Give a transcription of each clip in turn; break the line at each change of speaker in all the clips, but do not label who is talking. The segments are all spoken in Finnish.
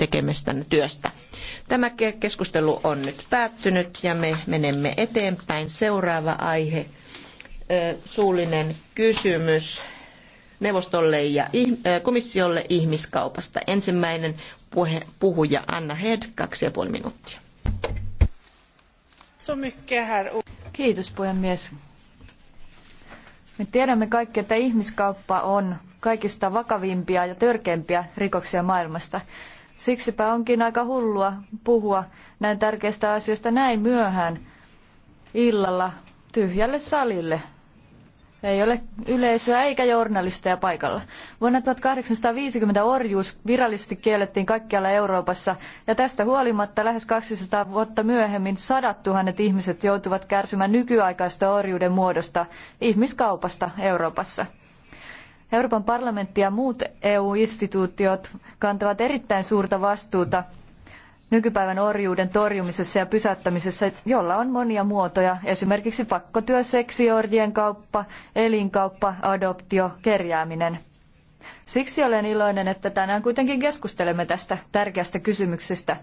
tekemästänne työstä. Tämä keskustelu on nyt päättynyt ja me menemme eteenpäin. Seuraava aihe, suullinen kysymys neuvostolle ja komissiolle ihmiskaupasta. Ensimmäinen puhe, puhuja Anna Hed, kaksi ja puoli minuuttia.
Kiitos puhemies. Me tiedämme kaikki, että ihmiskauppa on kaikista vakavimpia ja törkeimpiä rikoksia maailmasta. Siksipä onkin aika hullua puhua näin tärkeistä asioista näin myöhään illalla tyhjälle salille. Ei ole yleisöä eikä journalisteja paikalla. Vuonna 1850 orjuus virallisesti kiellettiin kaikkialla Euroopassa, ja tästä huolimatta lähes 200 vuotta myöhemmin sadat tuhannet ihmiset joutuvat kärsimään nykyaikaista orjuuden muodosta ihmiskaupasta Euroopassa. Euroopan parlamentti ja muut EU-instituutiot kantavat erittäin suurta vastuuta nykypäivän orjuuden torjumisessa ja pysäyttämisessä, jolla on monia muotoja, esimerkiksi pakkotyö, seksiorjien kauppa, elinkauppa, adoptio, kerjääminen. Siksi olen iloinen, että tänään kuitenkin keskustelemme tästä tärkeästä kysymyksestä.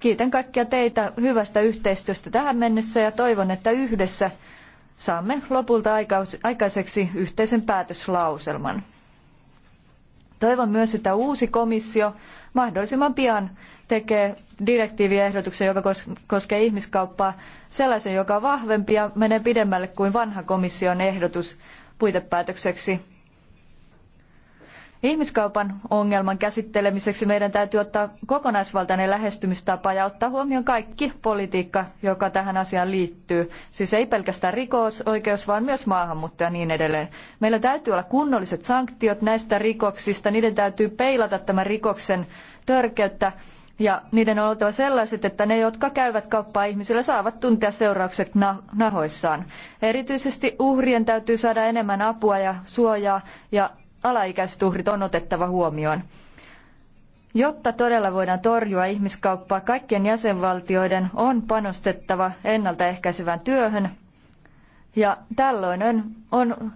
Kiitän kaikkia teitä hyvästä yhteistyöstä tähän mennessä ja toivon, että yhdessä – saamme lopulta aikaiseksi yhteisen päätöslauselman. Toivon myös, että uusi komissio mahdollisimman pian tekee direktiiviehdotuksen, joka koskee ihmiskauppaa, sellaisen, joka on vahvempi ja menee pidemmälle kuin vanha komission ehdotus puitepäätökseksi Ihmiskaupan ongelman käsittelemiseksi meidän täytyy ottaa kokonaisvaltainen lähestymistapa ja ottaa huomioon kaikki politiikka, joka tähän asiaan liittyy. Siis ei pelkästään rikosoikeus, vaan myös maahanmuutto ja niin edelleen. Meillä täytyy olla kunnolliset sanktiot näistä rikoksista, niiden täytyy peilata tämän rikoksen törkeyttä ja niiden on oltava sellaiset, että ne, jotka käyvät kauppaa ihmisillä, saavat tuntea seuraukset nahoissaan. Erityisesti uhrien täytyy saada enemmän apua ja suojaa ja alaikäiset uhrit on otettava huomioon. Jotta todella voidaan torjua ihmiskauppaa, kaikkien jäsenvaltioiden on panostettava ennaltaehkäisevään työhön ja tällöin on, on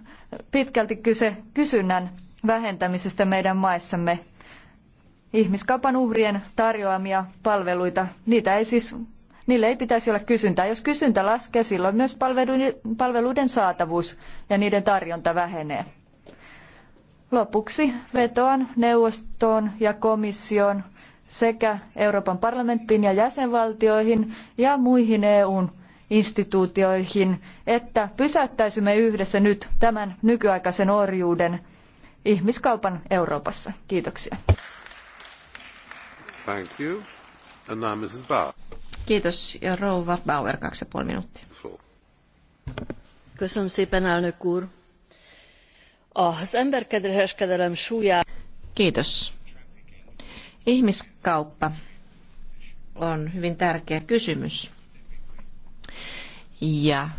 pitkälti kyse kysynnän vähentämisestä meidän maissamme. Ihmiskaupan uhrien tarjoamia palveluita, niitä ei siis, niille ei pitäisi olla kysyntää. Jos kysyntä laskee, silloin myös palveluiden, palveluiden saatavuus ja niiden tarjonta vähenee. Lopuksi vetoan neuvostoon ja komissioon sekä Euroopan parlamenttiin ja jäsenvaltioihin ja muihin EUn instituutioihin, että pysäyttäisimme yhdessä nyt tämän nykyaikaisen orjuuden ihmiskaupan Euroopassa. Kiitoksia.
Thank you. And now Mrs. Bauer.
Kiitos. Ja rouva Bauer, kaksi ja puoli minuuttia. Köszönöm az emberkereskedelem súlyát.
Kiitos. Ihmiskauppa on hyvin tärkeä kysymys. Ja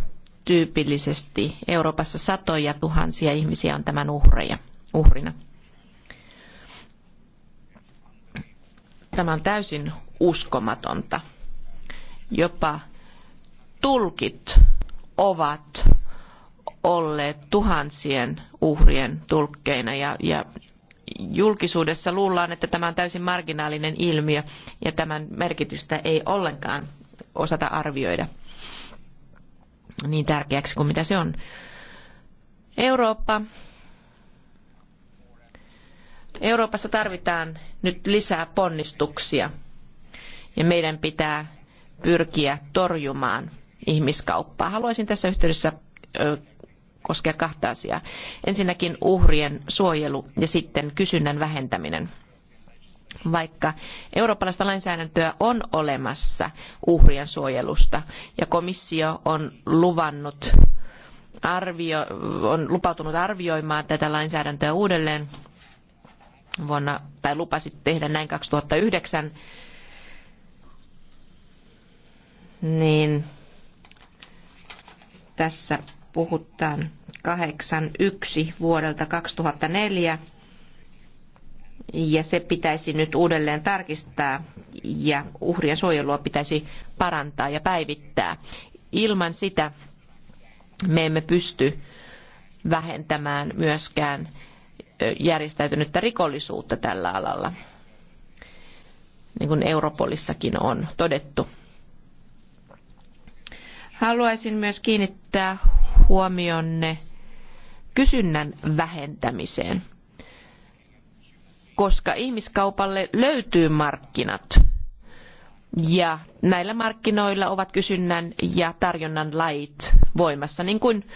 tyypillisesti Euroopassa satoja tuhansia ihmisiä on tämän uhreja, uhrina. Tämä on täysin uskomatonta. Jopa tulkit ovat olleet tuhansien uhrien tulkkeina ja, ja julkisuudessa luullaan, että tämä on täysin marginaalinen ilmiö ja tämän merkitystä ei ollenkaan osata arvioida niin tärkeäksi kuin mitä se on. Eurooppa. Euroopassa tarvitaan nyt lisää ponnistuksia ja meidän pitää pyrkiä torjumaan ihmiskauppaa. Haluaisin tässä yhteydessä koskea kahta asiaa. Ensinnäkin uhrien suojelu ja sitten kysynnän vähentäminen. Vaikka eurooppalaista lainsäädäntöä on olemassa uhrien suojelusta ja komissio on luvannut arvio, on lupautunut arvioimaan tätä lainsäädäntöä uudelleen vuonna, tai lupasi tehdä näin 2009, niin tässä puhutaan 81 vuodelta 2004 ja se pitäisi nyt uudelleen tarkistaa ja uhrien suojelua pitäisi parantaa ja päivittää. Ilman sitä me emme pysty vähentämään myöskään järjestäytynyttä rikollisuutta tällä alalla, niin kuin Europolissakin on todettu. Haluaisin myös kiinnittää huomionne kysynnän vähentämiseen, koska ihmiskaupalle löytyy markkinat ja näillä markkinoilla ovat kysynnän ja tarjonnan lait voimassa niin kuin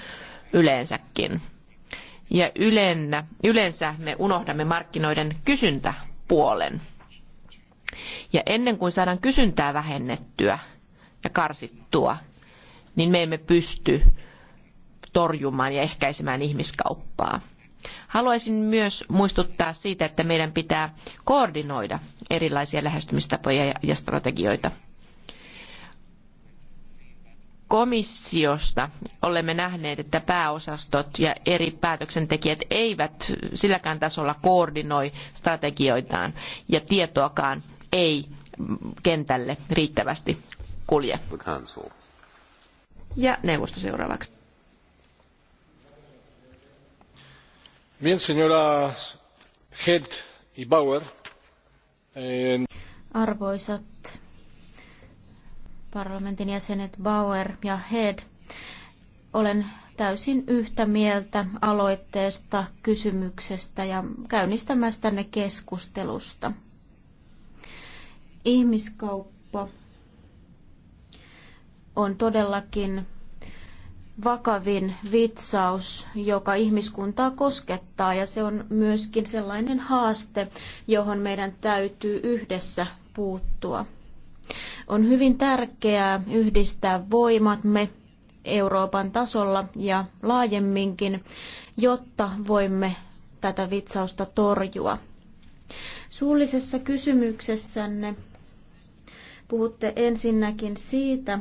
yleensäkin. Ja ylennä, yleensä me unohdamme markkinoiden kysyntäpuolen. Ja ennen kuin saadaan kysyntää vähennettyä ja karsittua, niin me emme pysty torjumaan ja ehkäisemään ihmiskauppaa. Haluaisin myös muistuttaa siitä, että meidän pitää koordinoida erilaisia lähestymistapoja ja strategioita. Komissiosta olemme nähneet, että pääosastot ja eri päätöksentekijät eivät silläkään tasolla koordinoi strategioitaan ja tietoakaan ei kentälle riittävästi kulje. Ja neuvosto seuraavaksi.
señoras Head Bauer. En...
Arvoisat parlamentin jäsenet Bauer ja Head, olen täysin yhtä mieltä aloitteesta, kysymyksestä ja käynnistämästänne keskustelusta. Ihmiskauppa on todellakin vakavin vitsaus, joka ihmiskuntaa koskettaa ja se on myöskin sellainen haaste, johon meidän täytyy yhdessä puuttua. On hyvin tärkeää yhdistää voimamme Euroopan tasolla ja laajemminkin, jotta voimme tätä vitsausta torjua. Suullisessa kysymyksessänne puhutte ensinnäkin siitä,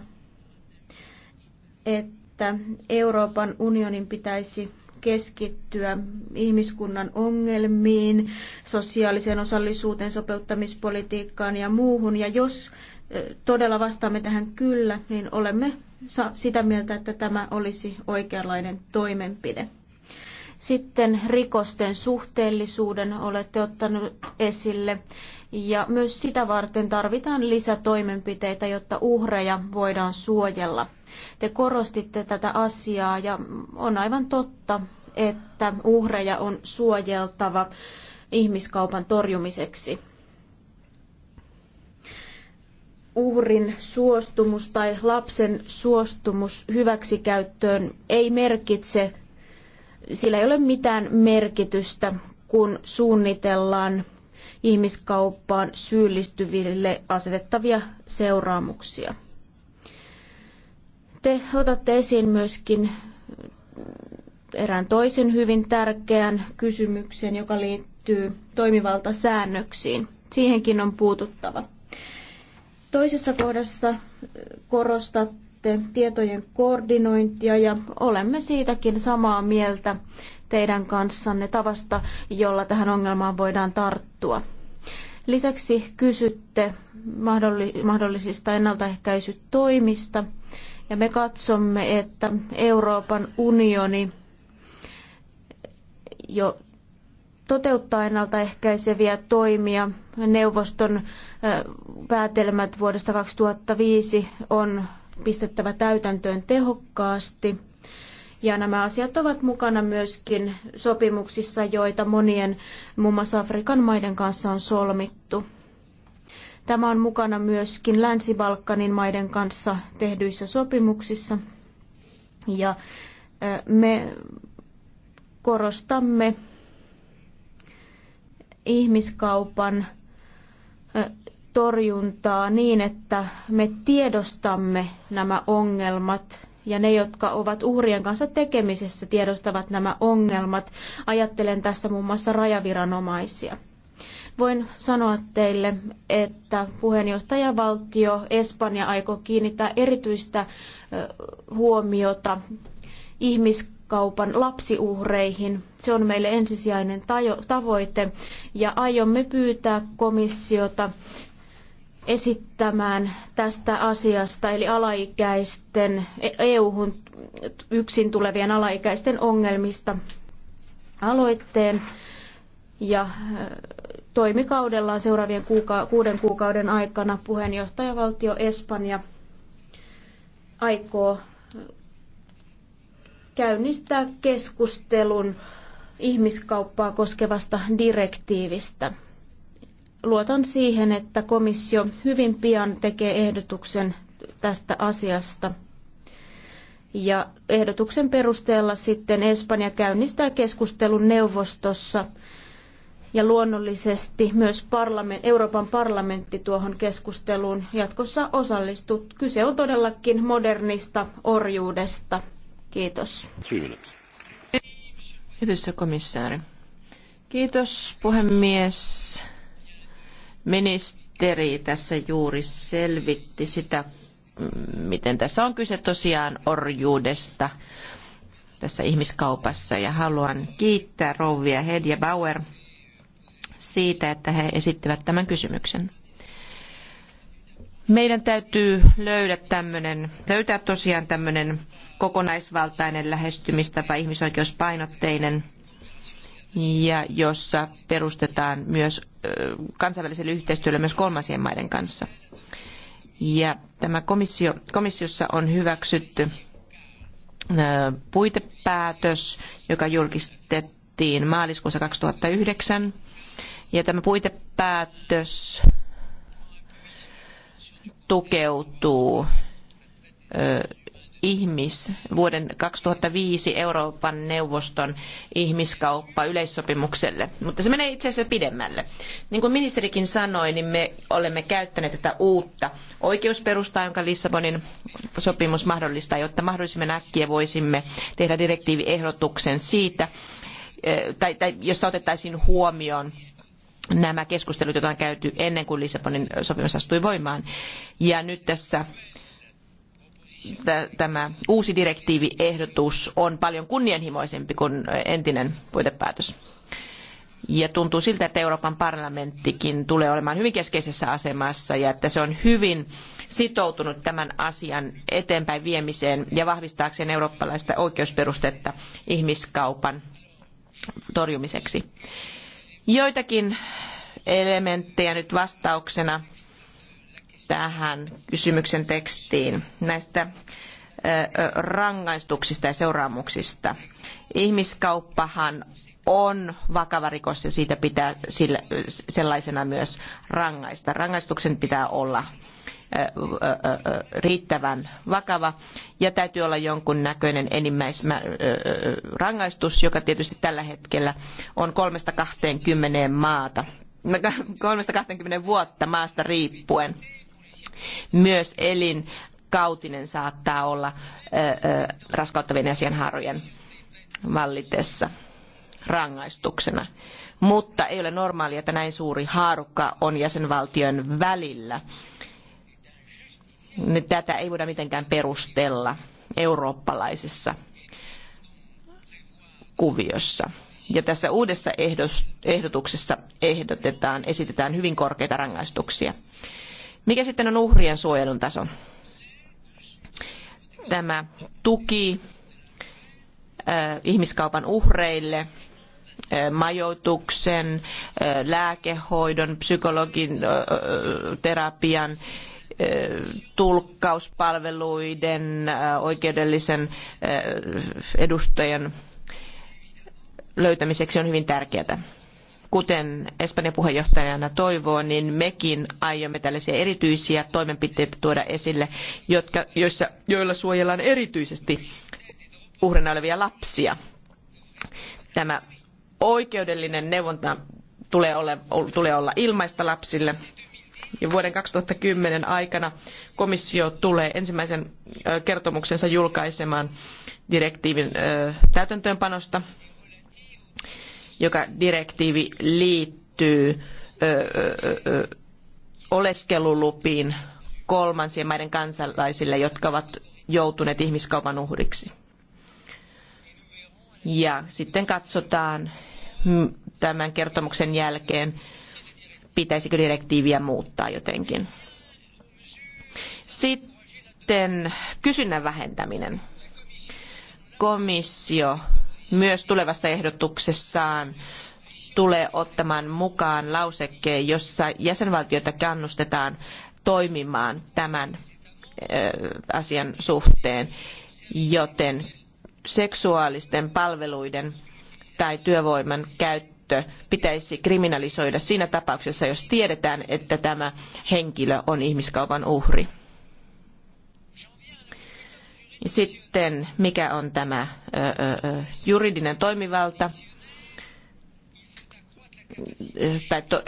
että että Euroopan unionin pitäisi keskittyä ihmiskunnan ongelmiin, sosiaaliseen osallisuuteen, sopeuttamispolitiikkaan ja muuhun. Ja jos todella vastaamme tähän kyllä, niin olemme sitä mieltä, että tämä olisi oikeanlainen toimenpide. Sitten rikosten suhteellisuuden olette ottanut esille ja myös sitä varten tarvitaan lisätoimenpiteitä, jotta uhreja voidaan suojella. Te korostitte tätä asiaa ja on aivan totta, että uhreja on suojeltava ihmiskaupan torjumiseksi. Uhrin suostumus tai lapsen suostumus hyväksikäyttöön ei merkitse, sillä ei ole mitään merkitystä, kun suunnitellaan ihmiskauppaan syyllistyville asetettavia seuraamuksia. Te otatte esiin myöskin erään toisen hyvin tärkeän kysymyksen, joka liittyy toimivaltasäännöksiin. Siihenkin on puututtava. Toisessa kohdassa korostatte tietojen koordinointia ja olemme siitäkin samaa mieltä teidän kanssanne tavasta, jolla tähän ongelmaan voidaan tarttua. Lisäksi kysytte mahdollisista ennaltaehkäisytoimista ja me katsomme, että Euroopan unioni jo toteuttaa ennaltaehkäiseviä toimia. Neuvoston päätelmät vuodesta 2005 on pistettävä täytäntöön tehokkaasti. Ja nämä asiat ovat mukana myöskin sopimuksissa, joita monien muun mm. muassa Afrikan maiden kanssa on solmittu. Tämä on mukana myöskin Länsi-Balkanin maiden kanssa tehdyissä sopimuksissa. Ja me korostamme ihmiskaupan torjuntaa niin, että me tiedostamme nämä ongelmat ja ne, jotka ovat uhrien kanssa tekemisessä, tiedostavat nämä ongelmat. Ajattelen tässä muun muassa rajaviranomaisia. Voin sanoa teille, että puheenjohtajavaltio Espanja aikoo kiinnittää erityistä huomiota ihmiskaupan lapsiuhreihin. Se on meille ensisijainen tavoite ja aiomme pyytää komissiota esittämään tästä asiasta, eli alaikäisten, EU-hun yksin tulevien alaikäisten ongelmista aloitteen. Ja äh, toimikaudellaan seuraavien kuuka- kuuden kuukauden aikana puheenjohtajavaltio Espanja aikoo äh, käynnistää keskustelun ihmiskauppaa koskevasta direktiivistä luotan siihen, että komissio hyvin pian tekee ehdotuksen tästä asiasta. Ja ehdotuksen perusteella sitten Espanja käynnistää keskustelun neuvostossa ja luonnollisesti myös parlament, Euroopan parlamentti tuohon keskusteluun jatkossa osallistuu. Kyse on todellakin modernista orjuudesta. Kiitos.
Kiitos komissaari. Kiitos puhemies. Ministeri tässä juuri selvitti sitä, miten tässä on kyse tosiaan orjuudesta tässä ihmiskaupassa. Ja haluan kiittää rouvia Hedja Bauer siitä, että he esittivät tämän kysymyksen. Meidän täytyy löydä tämmönen, löytää tosiaan tämmöinen kokonaisvaltainen lähestymistapa, ihmisoikeuspainotteinen – ja jossa perustetaan myös kansainväliselle yhteistyölle myös kolmansien maiden kanssa. Ja tämä komissio, komissiossa on hyväksytty puitepäätös, joka julkistettiin maaliskuussa 2009. Ja tämä puitepäätös tukeutuu ihmis, vuoden 2005 Euroopan neuvoston ihmiskauppa yleissopimukselle. Mutta se menee itse asiassa pidemmälle. Niin kuin ministerikin sanoi, niin me olemme käyttäneet tätä uutta oikeusperustaa, jonka Lissabonin sopimus mahdollistaa, jotta mahdollisimman äkkiä voisimme tehdä direktiiviehdotuksen siitä, eh, tai, tai jossa otettaisiin huomioon nämä keskustelut, joita on käyty ennen kuin Lissabonin sopimus astui voimaan. Ja nyt tässä tämä uusi direktiiviehdotus on paljon kunnianhimoisempi kuin entinen puitepäätös. Ja tuntuu siltä, että Euroopan parlamenttikin tulee olemaan hyvin keskeisessä asemassa ja että se on hyvin sitoutunut tämän asian eteenpäin viemiseen ja vahvistaakseen eurooppalaista oikeusperustetta ihmiskaupan torjumiseksi. Joitakin elementtejä nyt vastauksena tähän kysymyksen tekstiin näistä rangaistuksista ja seuraamuksista. Ihmiskauppahan on vakava rikos ja siitä pitää sellaisena myös rangaista. Rangaistuksen pitää olla riittävän vakava ja täytyy olla jonkun näköinen enimmäisrangaistus, joka tietysti tällä hetkellä on kolmesta 20 maata, 3-20 vuotta maasta riippuen myös elinkautinen saattaa olla raskauttavien asianhaarojen vallitessa rangaistuksena. Mutta ei ole normaalia, että näin suuri haarukka on jäsenvaltion välillä. Tätä ei voida mitenkään perustella eurooppalaisessa kuviossa. Ja tässä uudessa ehdotuksessa ehdotetaan, esitetään hyvin korkeita rangaistuksia. Mikä sitten on uhrien suojelun taso? Tämä tuki ihmiskaupan uhreille, majoituksen, lääkehoidon, psykologin terapian, tulkkauspalveluiden, oikeudellisen edustajan löytämiseksi on hyvin tärkeää kuten Espanjan puheenjohtajana toivoo, niin mekin aiomme tällaisia erityisiä toimenpiteitä tuoda esille, jotka, joissa, joilla suojellaan erityisesti uhrina olevia lapsia. Tämä oikeudellinen neuvonta tulee olla, tulee olla ilmaista lapsille. Ja vuoden 2010 aikana komissio tulee ensimmäisen kertomuksensa julkaisemaan direktiivin täytäntöönpanosta – joka direktiivi liittyy oleskelulupiin kolmansien maiden kansalaisille, jotka ovat joutuneet ihmiskaupan uhriksi. Ja sitten katsotaan tämän kertomuksen jälkeen, pitäisikö direktiiviä muuttaa jotenkin. Sitten kysynnän vähentäminen. Komissio myös tulevassa ehdotuksessaan tulee ottamaan mukaan lausekkeen, jossa jäsenvaltioita kannustetaan toimimaan tämän asian suhteen, joten seksuaalisten palveluiden tai työvoiman käyttö pitäisi kriminalisoida siinä tapauksessa, jos tiedetään, että tämä henkilö on ihmiskaupan uhri. Sitten mikä on tämä juridinen toimivalta tai to,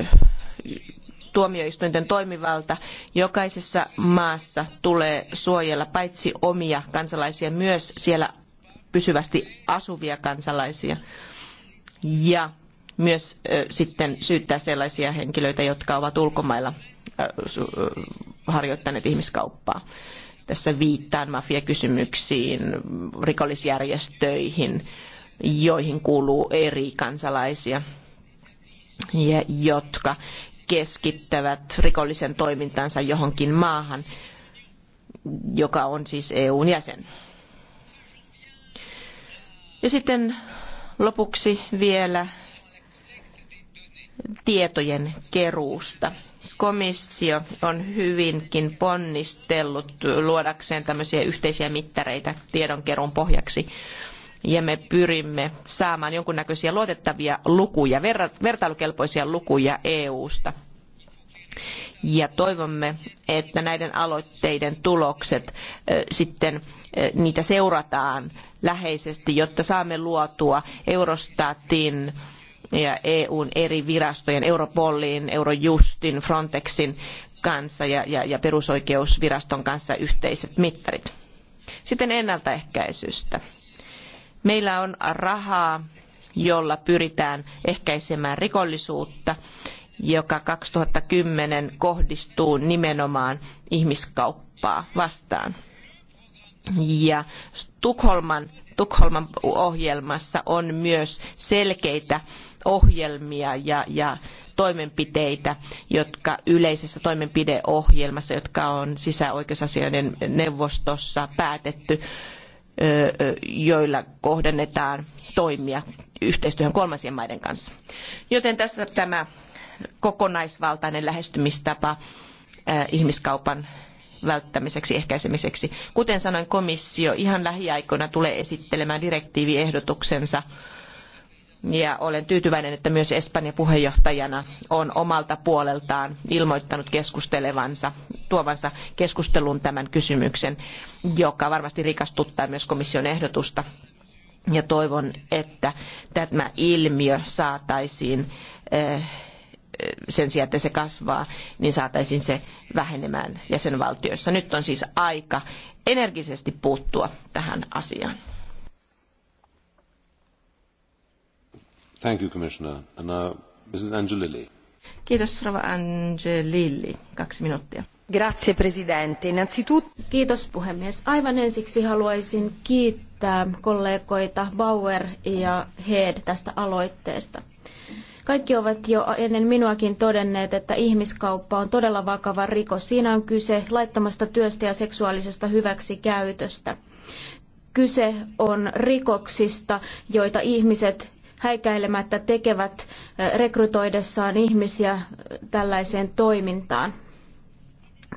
tuomioistuinten toimivalta. Jokaisessa maassa tulee suojella paitsi omia kansalaisia, myös siellä pysyvästi asuvia kansalaisia. Ja myös sitten syyttää sellaisia henkilöitä, jotka ovat ulkomailla harjoittaneet ihmiskauppaa. Tässä viittaan mafiakysymyksiin, rikollisjärjestöihin, joihin kuuluu eri kansalaisia, ja jotka keskittävät rikollisen toimintansa johonkin maahan, joka on siis EUn jäsen. Ja sitten lopuksi vielä tietojen keruusta komissio on hyvinkin ponnistellut luodakseen tämmöisiä yhteisiä mittareita tiedonkeruun pohjaksi. Ja me pyrimme saamaan jonkunnäköisiä luotettavia lukuja, vertailukelpoisia lukuja EU-sta. Ja toivomme, että näiden aloitteiden tulokset sitten niitä seurataan läheisesti, jotta saamme luotua Eurostatin äh, ja EUn eri virastojen, Europolin, Eurojustin, Frontexin kanssa ja, ja, ja perusoikeusviraston kanssa yhteiset mittarit. Sitten ennaltaehkäisystä. Meillä on rahaa, jolla pyritään ehkäisemään rikollisuutta, joka 2010 kohdistuu nimenomaan ihmiskauppaa vastaan. Ja Tukholman Tukholman ohjelmassa on myös selkeitä ohjelmia ja, ja toimenpiteitä, jotka yleisessä toimenpideohjelmassa, jotka on sisäoikeusasioiden neuvostossa päätetty, joilla kohdennetaan toimia yhteistyöhön kolmansien maiden kanssa. Joten tässä tämä kokonaisvaltainen lähestymistapa ihmiskaupan välttämiseksi, ehkäisemiseksi. Kuten sanoin, komissio ihan lähiaikoina tulee esittelemään direktiiviehdotuksensa ja olen tyytyväinen, että myös Espanja puheenjohtajana on omalta puoleltaan ilmoittanut keskustelevansa, tuovansa keskusteluun tämän kysymyksen, joka varmasti rikastuttaa myös komission ehdotusta. Ja toivon, että tämä ilmiö saataisiin eh, sen sijaan, että se kasvaa, niin saataisiin se vähenemään jäsenvaltioissa. Nyt on siis aika energisesti puuttua tähän
asiaan. Thank you, Commissioner. And, uh, Mrs. Angelilli.
Kiitos, Rova Angelilli. Kaksi minuuttia.
Grazie, presidente. Innanzitutto... Kiitos, puhemies. Aivan ensiksi haluaisin kiittää kollegoita Bauer ja Head tästä aloitteesta. Kaikki ovat jo ennen minuakin todenneet, että ihmiskauppa on todella vakava rikos. Siinä on kyse laittomasta työstä ja seksuaalisesta hyväksikäytöstä. Kyse on rikoksista, joita ihmiset häikäilemättä tekevät rekrytoidessaan ihmisiä tällaiseen toimintaan.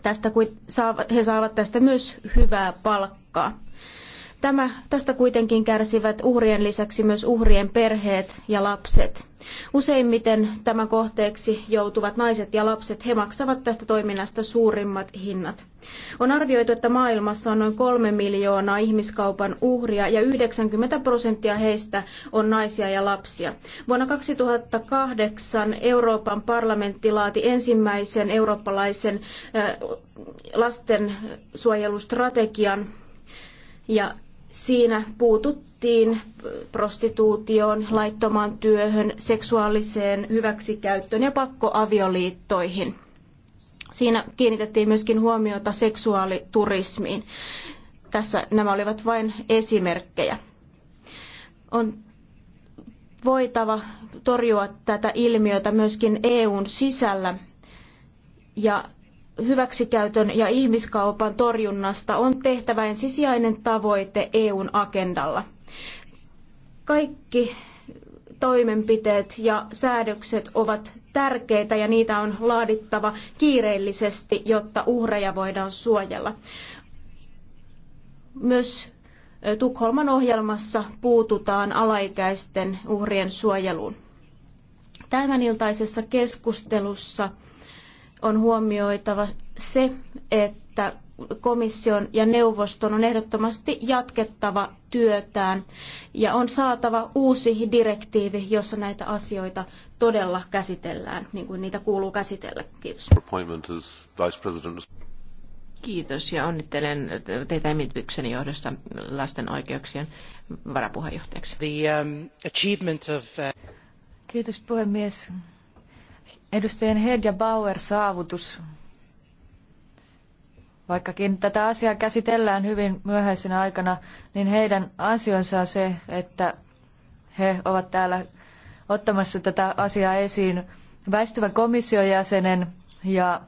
Tästä, he saavat tästä myös hyvää palkkaa. Tämä, tästä kuitenkin kärsivät uhrien lisäksi myös uhrien perheet ja lapset. Useimmiten tämän kohteeksi joutuvat naiset ja lapset, he maksavat tästä toiminnasta suurimmat hinnat. On arvioitu, että maailmassa on noin kolme miljoonaa ihmiskaupan uhria ja 90 prosenttia heistä on naisia ja lapsia. Vuonna 2008 Euroopan parlamentti laati ensimmäisen eurooppalaisen lastensuojelustrategian ja Siinä puututtiin prostituutioon, laittomaan työhön, seksuaaliseen hyväksikäyttöön ja pakkoavioliittoihin. Siinä kiinnitettiin myöskin huomiota seksuaaliturismiin. Tässä nämä olivat vain esimerkkejä. On voitava torjua tätä ilmiötä myöskin EUn sisällä ja hyväksikäytön ja ihmiskaupan torjunnasta on tehtävä ensisijainen tavoite EUn agendalla. Kaikki toimenpiteet ja säädökset ovat tärkeitä ja niitä on laadittava kiireellisesti, jotta uhreja voidaan suojella. Myös Tukholman ohjelmassa puututaan alaikäisten uhrien suojeluun. Tämän iltaisessa keskustelussa on huomioitava se, että komission ja neuvoston on ehdottomasti jatkettava työtään ja on saatava uusi direktiivi, jossa näitä asioita todella käsitellään, niin kuin niitä kuuluu käsitellä. Kiitos.
Kiitos ja onnittelen
teitä nimitykseni johdosta lasten
oikeuksien varapuheenjohtajaksi. The, um, achievement of, uh...
Kiitos puhemies. Edustajien Head ja Bauer saavutus. Vaikkakin tätä asiaa käsitellään hyvin myöhäisenä aikana, niin heidän ansionsa on se, että he ovat täällä ottamassa tätä asiaa esiin väistyvän komission jäsenen ja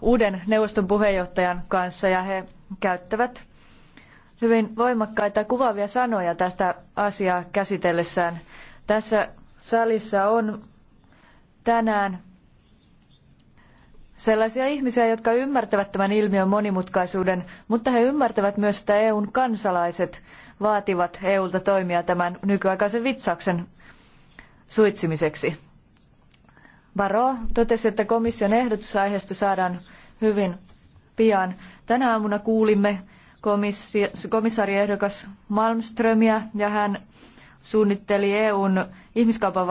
uuden neuvoston puheenjohtajan kanssa ja he käyttävät hyvin voimakkaita kuvaavia sanoja tästä asiaa käsitellessään. Tässä salissa on tänään sellaisia ihmisiä, jotka ymmärtävät tämän ilmiön monimutkaisuuden, mutta he ymmärtävät myös, että EUn kansalaiset vaativat EUlta toimia tämän nykyaikaisen vitsauksen suitsimiseksi. Varo, totesi, että komission ehdotus aiheesta saadaan hyvin pian. Tänä aamuna kuulimme komissaariehdokas Malmströmiä ja hän suunnitteli EUn ihmiskaupan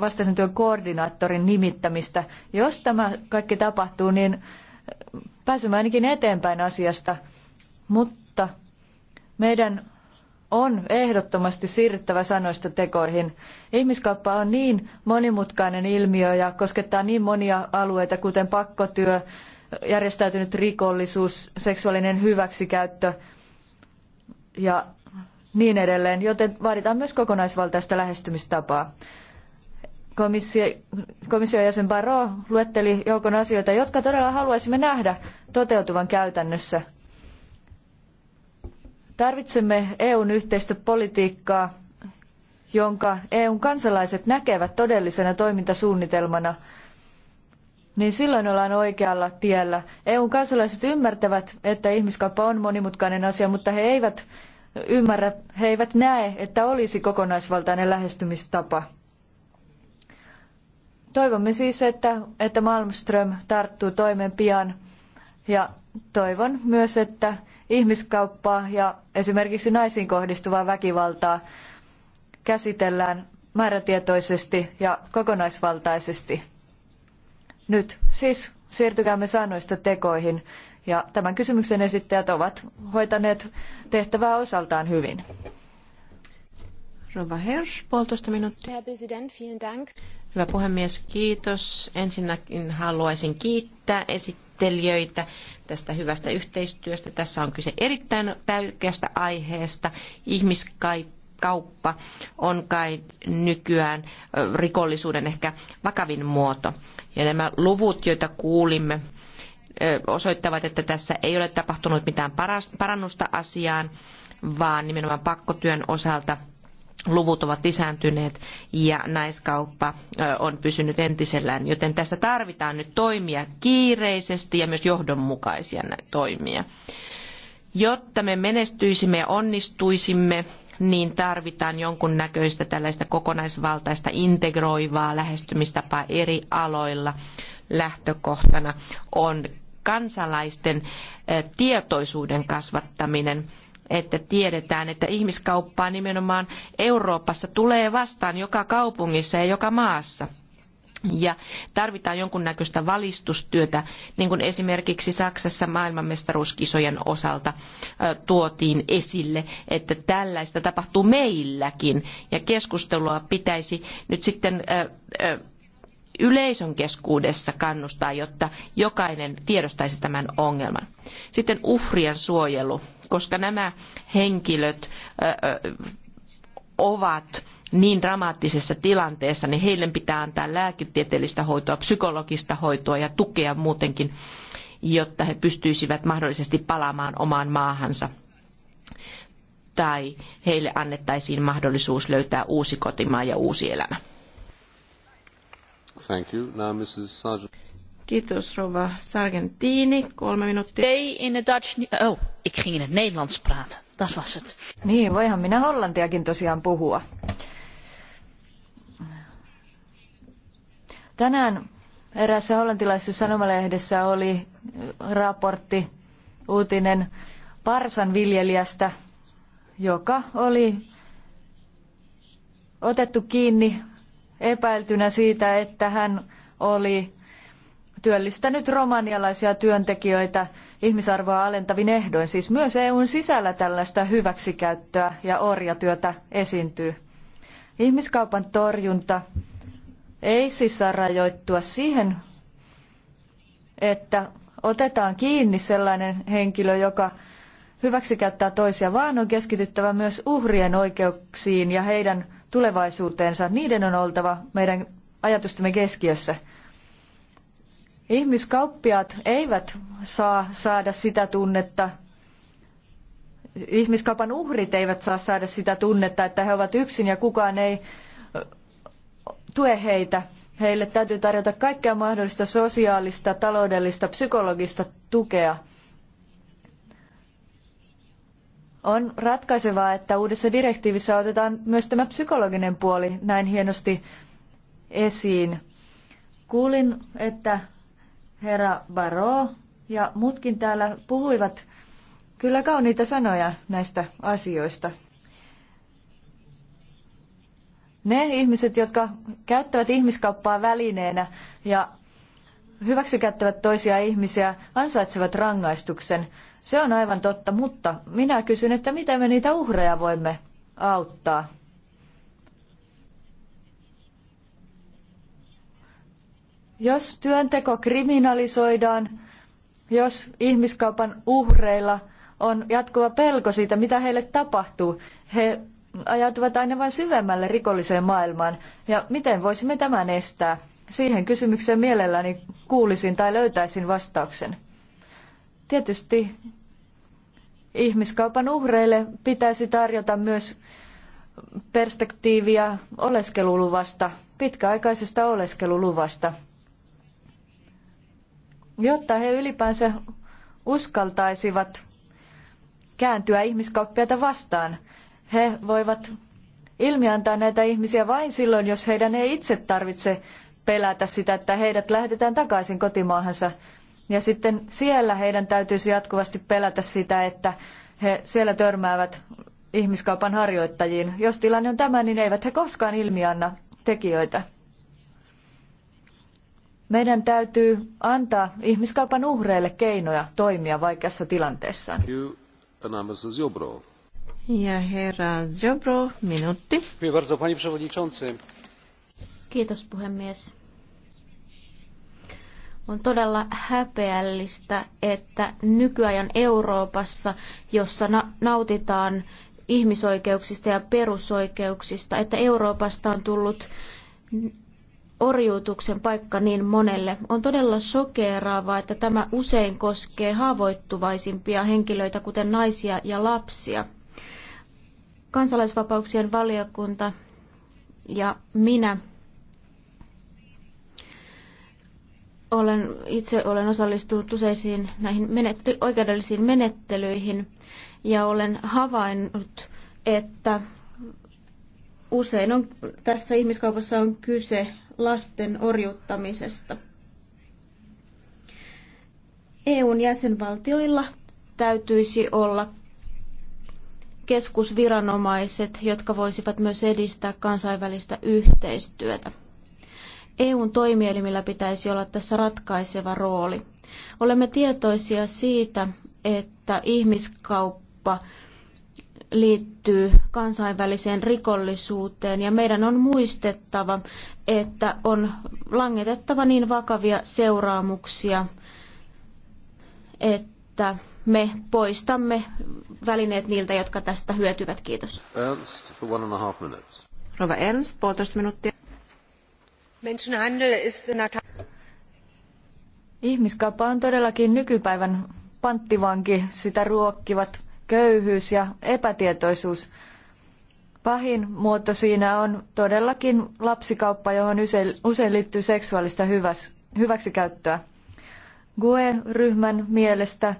vastaisen työn koordinaattorin nimittämistä. Jos tämä kaikki tapahtuu, niin pääsemme ainakin eteenpäin asiasta, mutta meidän on ehdottomasti siirryttävä sanoista tekoihin. Ihmiskauppa on niin monimutkainen ilmiö ja koskettaa niin monia alueita, kuten pakkotyö, järjestäytynyt rikollisuus, seksuaalinen hyväksikäyttö ja niin edelleen, joten vaaditaan myös kokonaisvaltaista lähestymistapaa. Komissio, komission jäsen Barrot luetteli joukon asioita, jotka todella haluaisimme nähdä toteutuvan käytännössä. Tarvitsemme EUn yhteistä politiikkaa, jonka EUn kansalaiset näkevät todellisena toimintasuunnitelmana, niin silloin ollaan oikealla tiellä. EUn kansalaiset ymmärtävät, että ihmiskauppa on monimutkainen asia, mutta he eivät ymmärrä, he eivät näe, että olisi kokonaisvaltainen lähestymistapa. Toivomme siis, että, että Malmström tarttuu toimen pian ja toivon myös, että ihmiskauppaa ja esimerkiksi naisiin kohdistuvaa väkivaltaa käsitellään määrätietoisesti ja kokonaisvaltaisesti. Nyt siis siirtykäämme sanoista tekoihin. Ja tämän kysymyksen esittäjät ovat hoitaneet tehtävää osaltaan hyvin. Rova puolitoista minuuttia.
Hyvä puhemies, kiitos. Ensinnäkin haluaisin kiittää esittelijöitä tästä hyvästä yhteistyöstä. Tässä on kyse erittäin tärkeästä aiheesta. Ihmiskauppa on kai nykyään rikollisuuden ehkä vakavin muoto. Ja nämä luvut, joita kuulimme osoittavat, että tässä ei ole tapahtunut mitään parannusta asiaan, vaan nimenomaan pakkotyön osalta luvut ovat lisääntyneet ja naiskauppa on pysynyt entisellään, joten tässä tarvitaan nyt toimia kiireisesti ja myös johdonmukaisia toimia. Jotta me menestyisimme ja onnistuisimme, niin tarvitaan jonkun näköistä tällaista kokonaisvaltaista integroivaa lähestymistapaa eri aloilla. Lähtökohtana on kansalaisten eh, tietoisuuden kasvattaminen että tiedetään, että ihmiskauppaa nimenomaan Euroopassa tulee vastaan joka kaupungissa ja joka maassa. Ja tarvitaan jonkunnäköistä valistustyötä, niin kuin esimerkiksi Saksassa maailmanmestaruuskisojen osalta eh, tuotiin esille, että tällaista tapahtuu meilläkin. Ja keskustelua pitäisi nyt sitten eh, yleisön keskuudessa kannustaa, jotta jokainen tiedostaisi tämän ongelman. Sitten uhrien suojelu, koska nämä henkilöt ovat niin dramaattisessa tilanteessa, niin heille pitää antaa lääketieteellistä hoitoa, psykologista hoitoa ja tukea muutenkin, jotta he pystyisivät mahdollisesti palaamaan omaan maahansa tai heille annettaisiin mahdollisuus löytää uusi kotimaa ja uusi elämä.
Thank you. Now Mrs. Sargent.
Kiitos rouva Sargentini. Kolme minuuttia. Ei in the Dutch... Oh, ik ging in het Nederlands praten.
Dat was het. Niin, voihan minä hollantiakin tosiaan puhua. Tänään eräässä hollantilaisessa sanomalehdessä oli raportti, uutinen parsan viljelijästä, joka oli otettu kiinni epäiltynä siitä, että hän oli työllistänyt romanialaisia työntekijöitä ihmisarvoa alentavin ehdoin. Siis myös EUn sisällä tällaista hyväksikäyttöä ja orjatyötä esiintyy. Ihmiskaupan torjunta ei siis saa rajoittua siihen, että otetaan kiinni sellainen henkilö, joka hyväksikäyttää toisia, vaan on keskityttävä myös uhrien oikeuksiin ja heidän tulevaisuuteensa, niiden on oltava meidän ajatustemme keskiössä. Ihmiskauppiaat eivät saa saada sitä tunnetta, ihmiskaupan uhrit eivät saa saada sitä tunnetta, että he ovat yksin ja kukaan ei tue heitä. Heille täytyy tarjota kaikkea mahdollista sosiaalista, taloudellista, psykologista tukea – On ratkaisevaa, että uudessa direktiivissä otetaan myös tämä psykologinen puoli näin hienosti esiin. Kuulin, että herra Baro ja muutkin täällä puhuivat kyllä kauniita sanoja näistä asioista. Ne ihmiset, jotka käyttävät ihmiskauppaa välineenä ja hyväksikäyttävät toisia ihmisiä, ansaitsevat rangaistuksen. Se on aivan totta, mutta minä kysyn, että miten me niitä uhreja voimme auttaa. Jos työnteko kriminalisoidaan, jos ihmiskaupan uhreilla on jatkuva pelko siitä, mitä heille tapahtuu, he ajautuvat aina vain syvemmälle rikolliseen maailmaan. Ja miten voisimme tämän estää? Siihen kysymykseen mielelläni kuulisin tai löytäisin vastauksen. Tietysti ihmiskaupan uhreille pitäisi tarjota myös perspektiiviä oleskeluluvasta, pitkäaikaisesta oleskeluluvasta, jotta he ylipäänsä uskaltaisivat kääntyä ihmiskauppiaita vastaan. He voivat ilmiantaa näitä ihmisiä vain silloin, jos heidän ei itse tarvitse pelätä sitä, että heidät lähetetään takaisin kotimaahansa ja sitten siellä heidän täytyisi jatkuvasti pelätä sitä, että he siellä törmäävät ihmiskaupan harjoittajiin. Jos tilanne on tämä, niin eivät he koskaan ilmianna tekijöitä. Meidän täytyy antaa ihmiskaupan uhreille keinoja toimia vaikeassa tilanteessaan. Ja herra Ziobro, minuutti.
Kiitos puhemies. On todella häpeällistä, että nykyajan Euroopassa, jossa na- nautitaan ihmisoikeuksista ja perusoikeuksista, että Euroopasta on tullut orjuutuksen paikka niin monelle. On todella sokeeraavaa, että tämä usein koskee haavoittuvaisimpia henkilöitä, kuten naisia ja lapsia. Kansalaisvapauksien valiokunta ja minä Olen, itse olen osallistunut useisiin näihin menet- oikeudellisiin menettelyihin ja olen havainnut, että usein on, tässä ihmiskaupassa on kyse lasten orjuuttamisesta. EUn jäsenvaltioilla täytyisi olla keskusviranomaiset, jotka voisivat myös edistää kansainvälistä yhteistyötä. EUn toimielimillä pitäisi olla tässä ratkaiseva rooli. Olemme tietoisia siitä, että ihmiskauppa liittyy kansainväliseen rikollisuuteen ja meidän on muistettava, että on langetettava niin vakavia seuraamuksia, että me poistamme välineet niiltä, jotka tästä hyötyvät. Kiitos. Ernst, for one and a half minutes. Rova Ernst, puolitoista minuuttia.
Ihmiskauppa on todellakin nykypäivän panttivanki. Sitä ruokkivat köyhyys ja epätietoisuus. Pahin muoto siinä on todellakin lapsikauppa, johon usein liittyy seksuaalista hyväksikäyttöä. GUE-ryhmän mielestä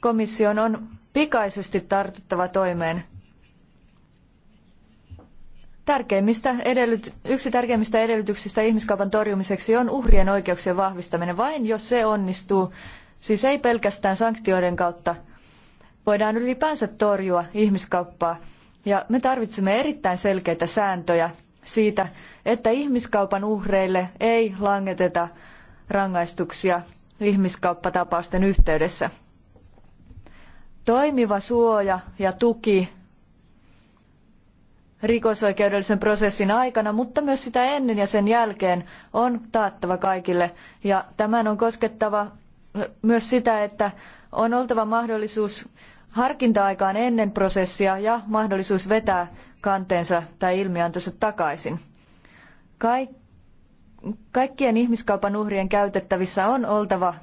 komission on pikaisesti tartuttava toimeen Tärkeimmistä edellyt, yksi tärkeimmistä edellytyksistä ihmiskaupan torjumiseksi on uhrien oikeuksien vahvistaminen. Vain jos se onnistuu, siis ei pelkästään sanktioiden kautta, voidaan ylipäänsä torjua ihmiskauppaa. Ja me tarvitsemme erittäin selkeitä sääntöjä siitä, että ihmiskaupan uhreille ei langeteta rangaistuksia ihmiskauppatapausten yhteydessä. Toimiva suoja ja tuki rikosoikeudellisen prosessin aikana, mutta myös sitä ennen ja sen jälkeen on taattava kaikille. Ja tämän on koskettava myös sitä, että on oltava mahdollisuus harkinta-aikaan ennen prosessia ja mahdollisuus vetää kanteensa tai ilmiantonsa takaisin. kaikkien ihmiskaupan uhrien käytettävissä on oltava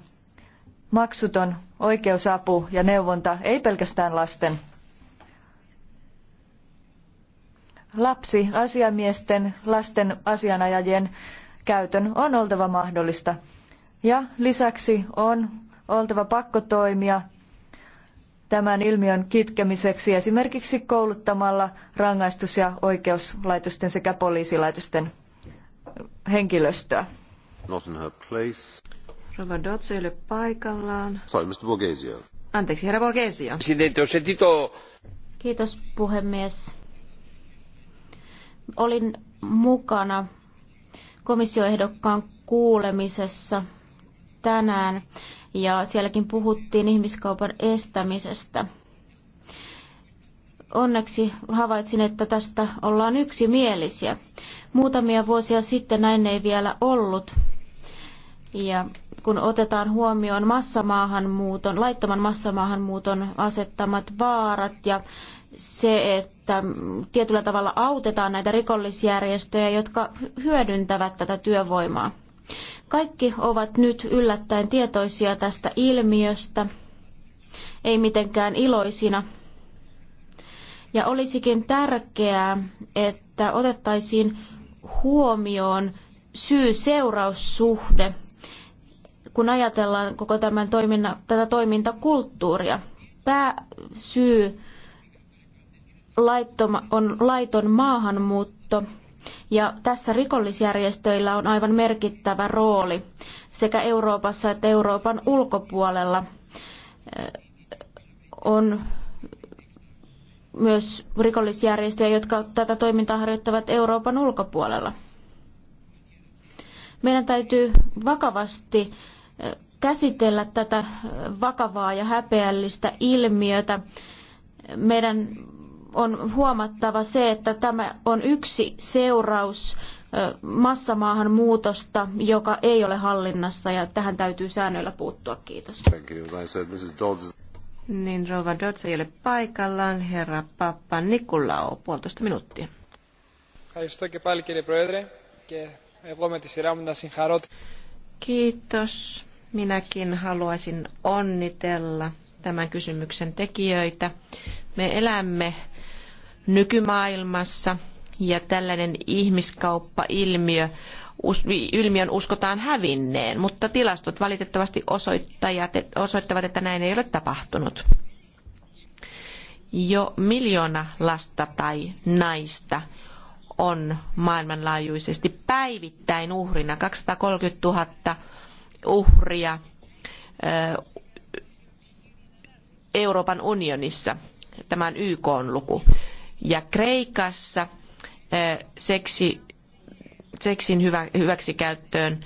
maksuton oikeusapu ja neuvonta, ei pelkästään lasten lapsi asiamiesten, lasten asianajajien käytön on oltava mahdollista. Ja lisäksi on oltava pakko toimia tämän ilmiön kitkemiseksi esimerkiksi kouluttamalla rangaistus- ja oikeuslaitosten sekä poliisilaitosten henkilöstöä.
Not in her place.
Rova ei paikallaan.
Sorry, Mr. Borghesio. Anteeksi, herra Borghesio. Kiitos puhemies. Olin mukana komissioehdokkaan kuulemisessa tänään ja sielläkin puhuttiin ihmiskaupan estämisestä. Onneksi havaitsin, että tästä ollaan yksimielisiä. Muutamia vuosia sitten näin ei vielä ollut. Ja kun otetaan huomioon massamaahanmuuton, laittoman massamaahanmuuton asettamat vaarat ja se, että tietyllä tavalla autetaan näitä rikollisjärjestöjä, jotka hyödyntävät tätä työvoimaa. Kaikki ovat nyt yllättäen tietoisia tästä ilmiöstä, ei mitenkään iloisina. Ja olisikin tärkeää, että otettaisiin huomioon syy-seuraussuhde, kun ajatellaan koko tämän toiminna, tätä toimintakulttuuria. Pääsyy laittoma, on laiton maahanmuutto ja tässä rikollisjärjestöillä on aivan merkittävä rooli sekä Euroopassa että Euroopan ulkopuolella. On myös rikollisjärjestöjä, jotka tätä toimintaa harjoittavat Euroopan ulkopuolella. Meidän täytyy vakavasti käsitellä tätä vakavaa ja häpeällistä ilmiötä. Meidän on huomattava se, että tämä on yksi seuraus muutosta, joka ei ole hallinnassa ja tähän täytyy säännöillä puuttua. Kiitos. Niin, Rova Dodds ei ole paikallaan. Herra Pappa
Nikulao, puolitoista minuuttia. Kiitos. Minäkin haluaisin onnitella tämän kysymyksen tekijöitä. Me elämme nykymaailmassa ja tällainen ihmiskauppailmiö ilmiön uskotaan hävinneen, mutta tilastot valitettavasti osoittavat, että näin ei ole tapahtunut. Jo miljoona lasta tai naista on maailmanlaajuisesti päivittäin uhrina. 230 000 uhria Euroopan unionissa. Tämä on YK luku. Ja Kreikassa seksi, seksin hyvä, hyväksikäyttöön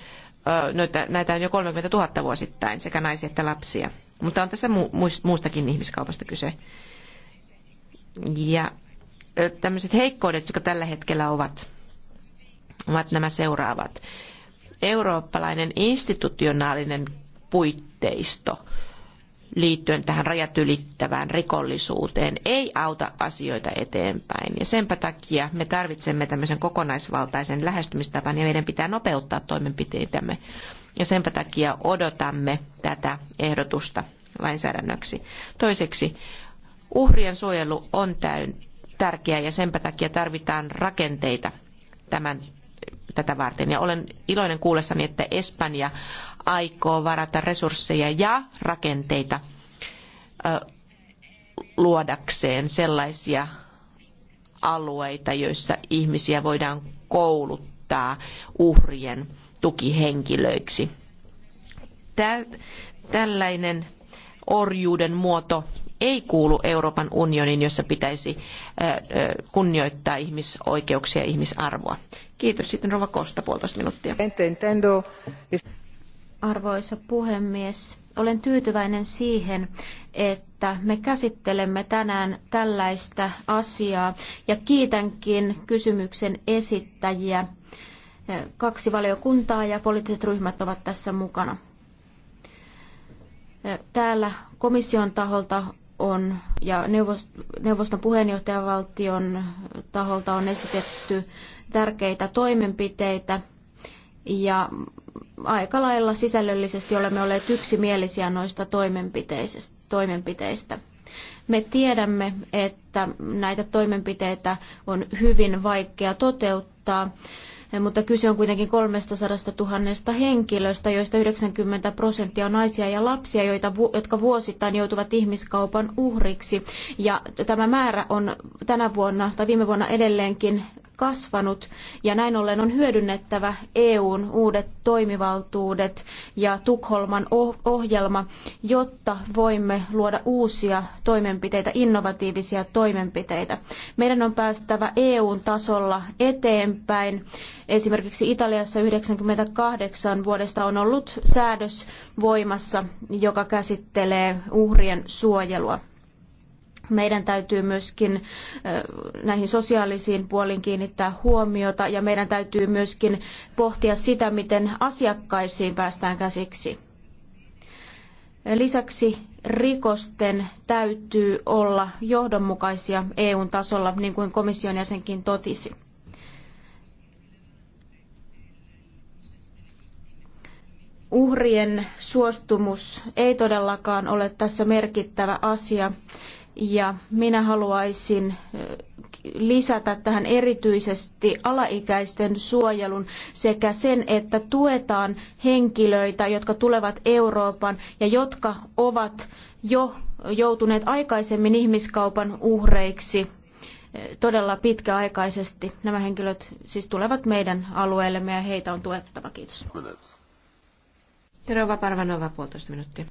noita, näitä on jo 30 000 vuosittain, sekä naisia että lapsia. Mutta on tässä muustakin ihmiskaupasta kyse. Ja tämmöiset heikkoudet, jotka tällä hetkellä ovat, ovat nämä seuraavat. Eurooppalainen institutionaalinen puitteisto liittyen tähän rajat ylittävään rikollisuuteen ei auta asioita eteenpäin. Ja senpä takia me tarvitsemme tämmöisen kokonaisvaltaisen lähestymistavan ja meidän pitää nopeuttaa toimenpiteitämme. Ja senpä takia odotamme tätä ehdotusta lainsäädännöksi. Toiseksi, uhrien suojelu on tärkeää ja senpä takia tarvitaan rakenteita tämän tätä varten. Ja olen iloinen kuullessani, että Espanja aikoo varata resursseja ja rakenteita luodakseen sellaisia alueita, joissa ihmisiä voidaan kouluttaa uhrien tukihenkilöiksi. Tällainen orjuuden muoto ei kuulu Euroopan unionin, jossa pitäisi kunnioittaa ihmisoikeuksia ja ihmisarvoa. Kiitos. Sitten Rova Kosta, puolitoista
minuuttia. Arvoisa puhemies, olen tyytyväinen siihen, että me käsittelemme tänään tällaista asiaa ja kiitänkin kysymyksen esittäjiä. Kaksi valiokuntaa ja poliittiset ryhmät ovat tässä mukana. Täällä komission taholta on ja neuvoston puheenjohtajavaltion taholta on esitetty tärkeitä toimenpiteitä ja aika lailla sisällöllisesti olemme olleet yksimielisiä noista toimenpiteistä. Me tiedämme, että näitä toimenpiteitä on hyvin vaikea toteuttaa, mutta kyse on kuitenkin 300 000 henkilöstä, joista 90 prosenttia on naisia ja lapsia, joita, jotka vuosittain joutuvat ihmiskaupan uhriksi. Ja tämä määrä on tänä vuonna tai viime vuonna edelleenkin kasvanut ja näin ollen on hyödynnettävä EUn uudet toimivaltuudet ja Tukholman oh-, ohjelma, jotta voimme luoda uusia toimenpiteitä, innovatiivisia toimenpiteitä. Meidän on päästävä EUn tasolla eteenpäin. Esimerkiksi Italiassa 98 vuodesta on ollut säädös voimassa, joka käsittelee uhrien suojelua. Meidän täytyy myöskin näihin sosiaalisiin puoliin kiinnittää huomiota ja meidän täytyy myöskin pohtia sitä, miten asiakkaisiin päästään käsiksi. Lisäksi rikosten täytyy olla johdonmukaisia EUn tasolla, niin kuin komission jäsenkin totisi. Uhrien suostumus ei todellakaan ole tässä merkittävä asia ja minä haluaisin lisätä tähän erityisesti alaikäisten suojelun sekä sen, että tuetaan henkilöitä, jotka tulevat Euroopan ja jotka ovat jo joutuneet aikaisemmin ihmiskaupan uhreiksi todella pitkäaikaisesti. Nämä henkilöt siis tulevat meidän alueellemme ja heitä on tuettava. Kiitos.
Rova Parvanova, puolitoista minuuttia.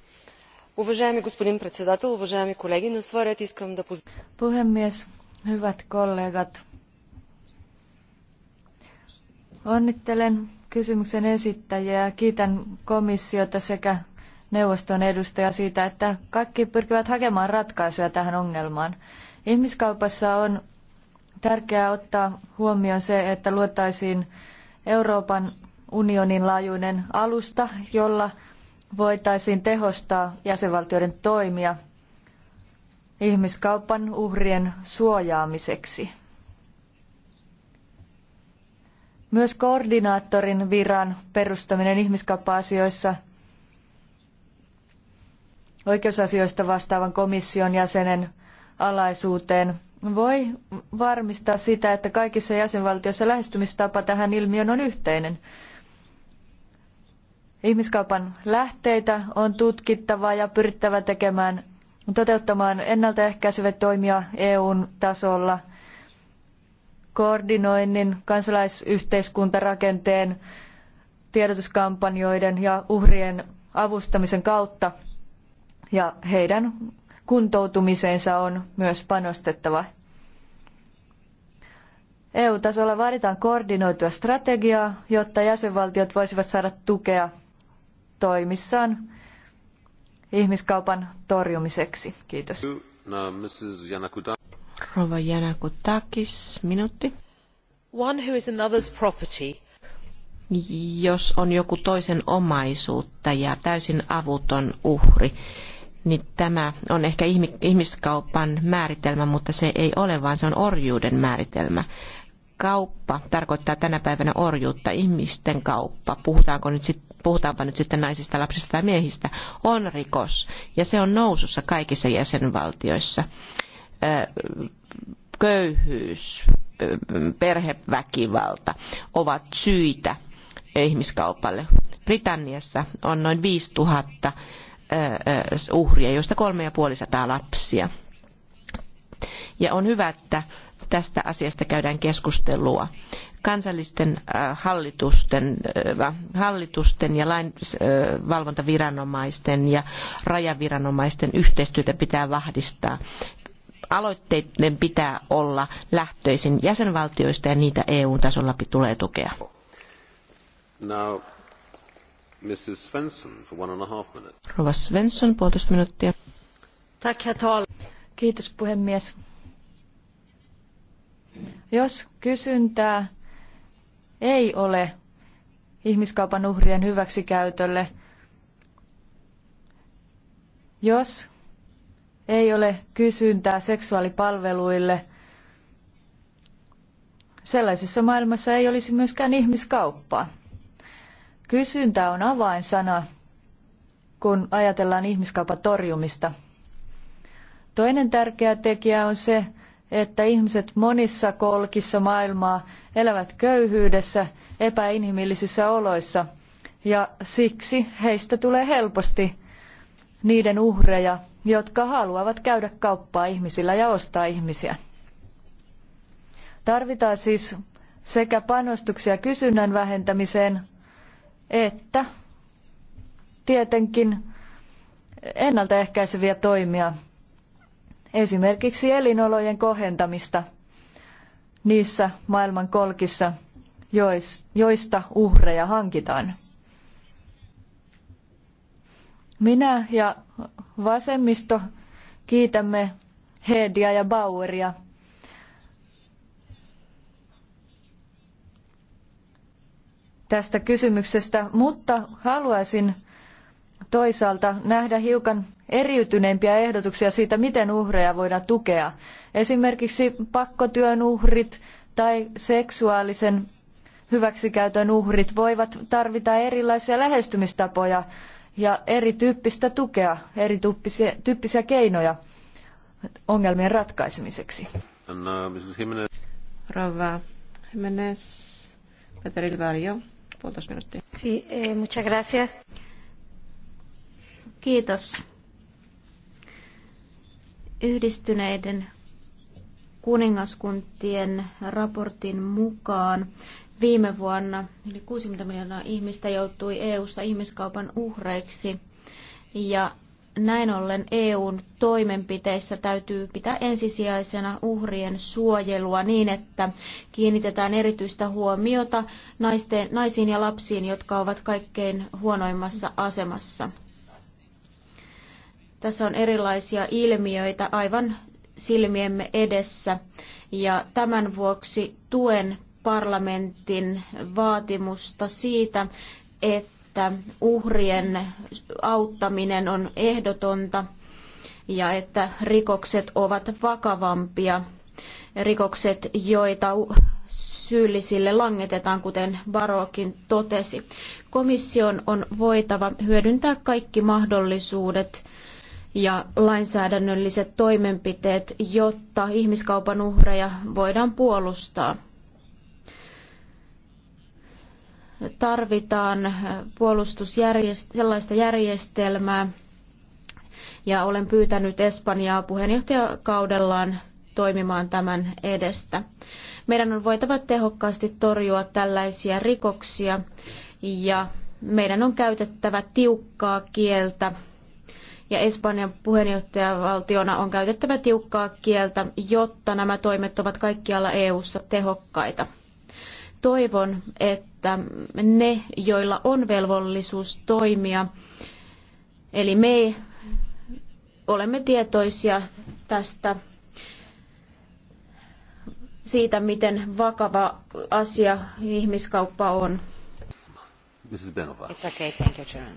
Уважаеми господин председател, уважаеми колеги, на свой ред искам да Puhemies, hyvät kollegat. Onnittelen kysymyksen esittäjiä ja kiitän komissiota sekä neuvoston edustajaa siitä, että kaikki pyrkivät hakemaan ratkaisuja tähän ongelmaan. Ihmiskaupassa on tärkeää ottaa huomioon se, että luotaisiin Euroopan unionin laajuinen alusta, jolla voitaisiin tehostaa jäsenvaltioiden toimia ihmiskaupan uhrien suojaamiseksi. Myös koordinaattorin viran perustaminen ihmiskauppa-asioissa oikeusasioista vastaavan komission jäsenen alaisuuteen voi varmistaa sitä, että kaikissa jäsenvaltioissa lähestymistapa tähän ilmiöön on yhteinen. Ihmiskaupan lähteitä on tutkittava ja pyrittävä tekemään, toteuttamaan ennaltaehkäisyviä toimia EUn tasolla, koordinoinnin, kansalaisyhteiskuntarakenteen, tiedotuskampanjoiden ja uhrien avustamisen kautta ja heidän kuntoutumiseensa on myös panostettava. EU-tasolla vaaditaan koordinoitua strategiaa, jotta jäsenvaltiot voisivat saada tukea toimissaan ihmiskaupan torjumiseksi. Kiitos. Rova Janakutakis, minuutti. One who is
another's property. Jos on joku toisen omaisuutta ja täysin avuton uhri, niin tämä on ehkä ihmiskaupan määritelmä, mutta se ei ole, vaan se on orjuuden määritelmä kauppa tarkoittaa tänä päivänä orjuutta, ihmisten kauppa, puhutaanko nyt sit, puhutaanpa nyt sitten naisista, lapsista tai miehistä, on rikos ja se on nousussa kaikissa jäsenvaltioissa. Köyhyys, perheväkivalta ovat syitä ihmiskaupalle. Britanniassa on noin 5000 uhria, joista 3500 lapsia. Ja on hyvä, että tästä asiasta käydään keskustelua. Kansallisten äh, hallitusten, äh, hallitusten ja lainvalvontaviranomaisten äh, ja rajaviranomaisten yhteistyötä pitää vahvistaa. Aloitteiden pitää olla lähtöisin jäsenvaltioista ja niitä EU-tasolla tulee tukea.
Now, Mrs. Svensson, for one and a half minute.
Rova Svensson, puolitoista minuuttia.
Tack, Kiitos puhemies. Jos kysyntää ei ole ihmiskaupan uhrien hyväksikäytölle, jos ei ole kysyntää seksuaalipalveluille, sellaisessa maailmassa ei olisi myöskään ihmiskauppaa. Kysyntä on avainsana, kun ajatellaan ihmiskaupan torjumista. Toinen tärkeä tekijä on se, että ihmiset monissa kolkissa maailmaa elävät köyhyydessä, epäinhimillisissä oloissa ja siksi heistä tulee helposti niiden uhreja, jotka haluavat käydä kauppaa ihmisillä ja ostaa ihmisiä. Tarvitaan siis sekä panostuksia kysynnän vähentämiseen että tietenkin ennaltaehkäiseviä toimia esimerkiksi elinolojen kohentamista niissä maailman kolkissa, joista uhreja hankitaan. Minä ja vasemmisto kiitämme Hedia ja Baueria tästä kysymyksestä, mutta haluaisin toisaalta nähdä hiukan eriytyneimpiä ehdotuksia siitä, miten uhreja voidaan tukea. Esimerkiksi pakkotyön uhrit tai seksuaalisen hyväksikäytön uhrit voivat tarvita erilaisia lähestymistapoja ja erityyppistä tukea, erityyppisiä keinoja ongelmien ratkaisemiseksi. Uh, Rova Jimenez, Peter Ilvario,
puolitoista minuuttia.
Sí, eh, muchas gracias. Kiitos. Yhdistyneiden kuningaskuntien raportin mukaan viime vuonna yli 60 miljoonaa ihmistä joutui EU-ssa ihmiskaupan uhreiksi ja näin ollen EUn toimenpiteissä täytyy pitää ensisijaisena uhrien suojelua niin, että kiinnitetään erityistä huomiota naisten, naisiin ja lapsiin, jotka ovat kaikkein huonoimmassa asemassa. Tässä on erilaisia ilmiöitä aivan silmiemme edessä ja tämän vuoksi tuen parlamentin vaatimusta siitä, että uhrien auttaminen on ehdotonta ja että rikokset ovat vakavampia. Rikokset, joita syyllisille langetetaan, kuten Barokin totesi. Komission on voitava hyödyntää kaikki mahdollisuudet ja lainsäädännölliset toimenpiteet, jotta ihmiskaupan uhreja voidaan puolustaa. Tarvitaan puolustusjärjestelmää, sellaista järjestelmää, ja olen pyytänyt Espanjaa puheenjohtajakaudellaan toimimaan tämän edestä. Meidän on voitava tehokkaasti torjua tällaisia rikoksia ja meidän on käytettävä tiukkaa kieltä ja Espanjan puheenjohtajavaltiona on käytettävä tiukkaa kieltä, jotta nämä toimet ovat kaikkialla EU:ssa tehokkaita. Toivon, että ne, joilla on velvollisuus toimia, eli me olemme tietoisia tästä siitä, miten vakava asia ihmiskauppa on. Mrs. Benova. It's okay, thank you, Chairman.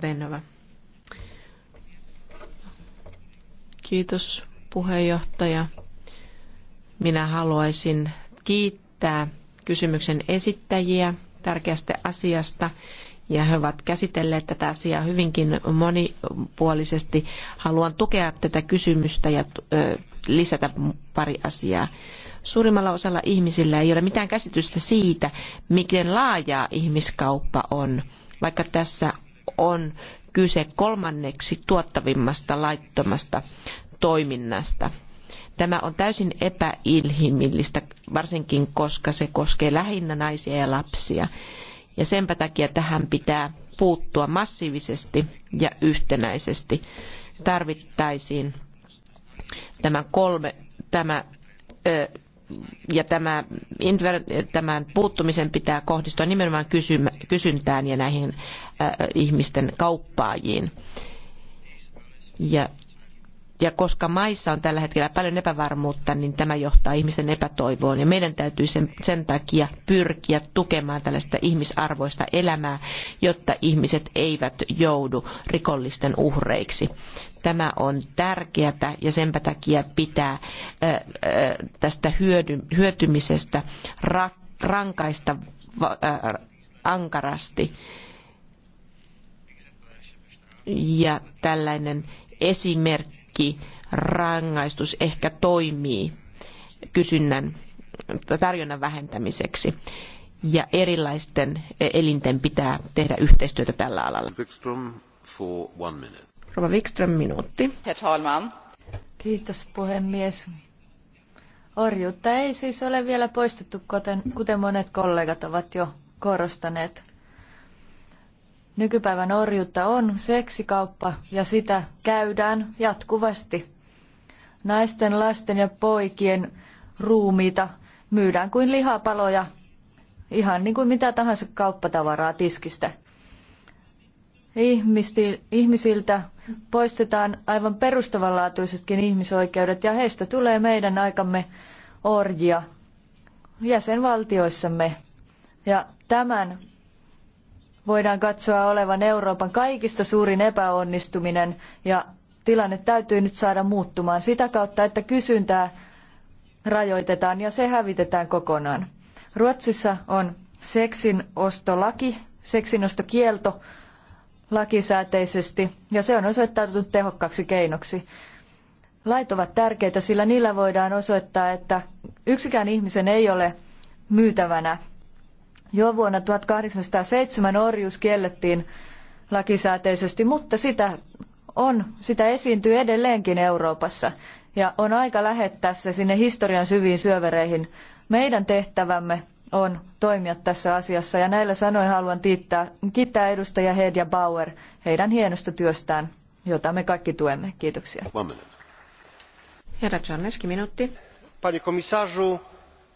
Benova. Kiitos puheenjohtaja. Minä haluaisin kiittää kysymyksen esittäjiä tärkeästä asiasta ja he ovat käsitelleet tätä asiaa hyvinkin monipuolisesti. Haluan tukea tätä kysymystä ja lisätä pari asiaa. Suurimmalla osalla ihmisillä ei ole mitään käsitystä siitä, miten laajaa ihmiskauppa on, vaikka tässä on kyse kolmanneksi tuottavimmasta laittomasta toiminnasta. Tämä on täysin epäinhimillistä, varsinkin koska se koskee lähinnä naisia ja lapsia. Ja senpä takia tähän pitää puuttua massiivisesti ja yhtenäisesti. Tarvittaisiin tämän kolme, tämä ö, ja tämä, tämän puuttumisen pitää kohdistua nimenomaan kysyntään ja näihin äh, ihmisten kauppaajiin. Ja ja koska maissa on tällä hetkellä paljon epävarmuutta, niin tämä johtaa ihmisten epätoivoon. Ja meidän täytyy sen, sen takia pyrkiä tukemaan tällaista ihmisarvoista elämää, jotta ihmiset eivät joudu rikollisten uhreiksi. Tämä on tärkeää ja sen takia pitää ää, ää, tästä hyödy, hyötymisestä ra, rankaista ää, ankarasti. Ja tällainen esimerkki kaikki rangaistus ehkä toimii kysynnän tarjonnan vähentämiseksi ja erilaisten elinten pitää tehdä yhteistyötä tällä alalla. Wikström Rova Wikström, minuutti.
Herr talman. Kiitos puhemies. Orjuutta ei siis ole vielä poistettu, kuten, kuten monet kollegat ovat jo korostaneet. Nykypäivän orjuutta on seksikauppa ja sitä käydään jatkuvasti. Naisten, lasten ja poikien ruumiita myydään kuin lihapaloja, ihan niin kuin mitä tahansa kauppatavaraa tiskistä. ihmisiltä poistetaan aivan perustavanlaatuisetkin ihmisoikeudet ja heistä tulee meidän aikamme orjia jäsenvaltioissamme. Ja tämän voidaan katsoa olevan Euroopan kaikista suurin epäonnistuminen ja tilanne täytyy nyt saada muuttumaan sitä kautta, että kysyntää rajoitetaan ja se hävitetään kokonaan. Ruotsissa on seksinostolaki, seksinostokielto lakisääteisesti ja se on osoittautunut tehokkaaksi keinoksi. Lait ovat tärkeitä, sillä niillä voidaan osoittaa, että yksikään ihmisen ei ole myytävänä jo vuonna 1807 orjuus kiellettiin lakisääteisesti, mutta sitä on, sitä esiintyy edelleenkin Euroopassa ja on aika lähettää se sinne historian syviin syövereihin. Meidän tehtävämme on toimia tässä asiassa ja näillä sanoin haluan tiittää, kiittää edustaja Hedja Bauer heidän hienosta työstään, jota me kaikki tuemme. Kiitoksia. Herra Czarneski, minuutti. Panie komisarzu,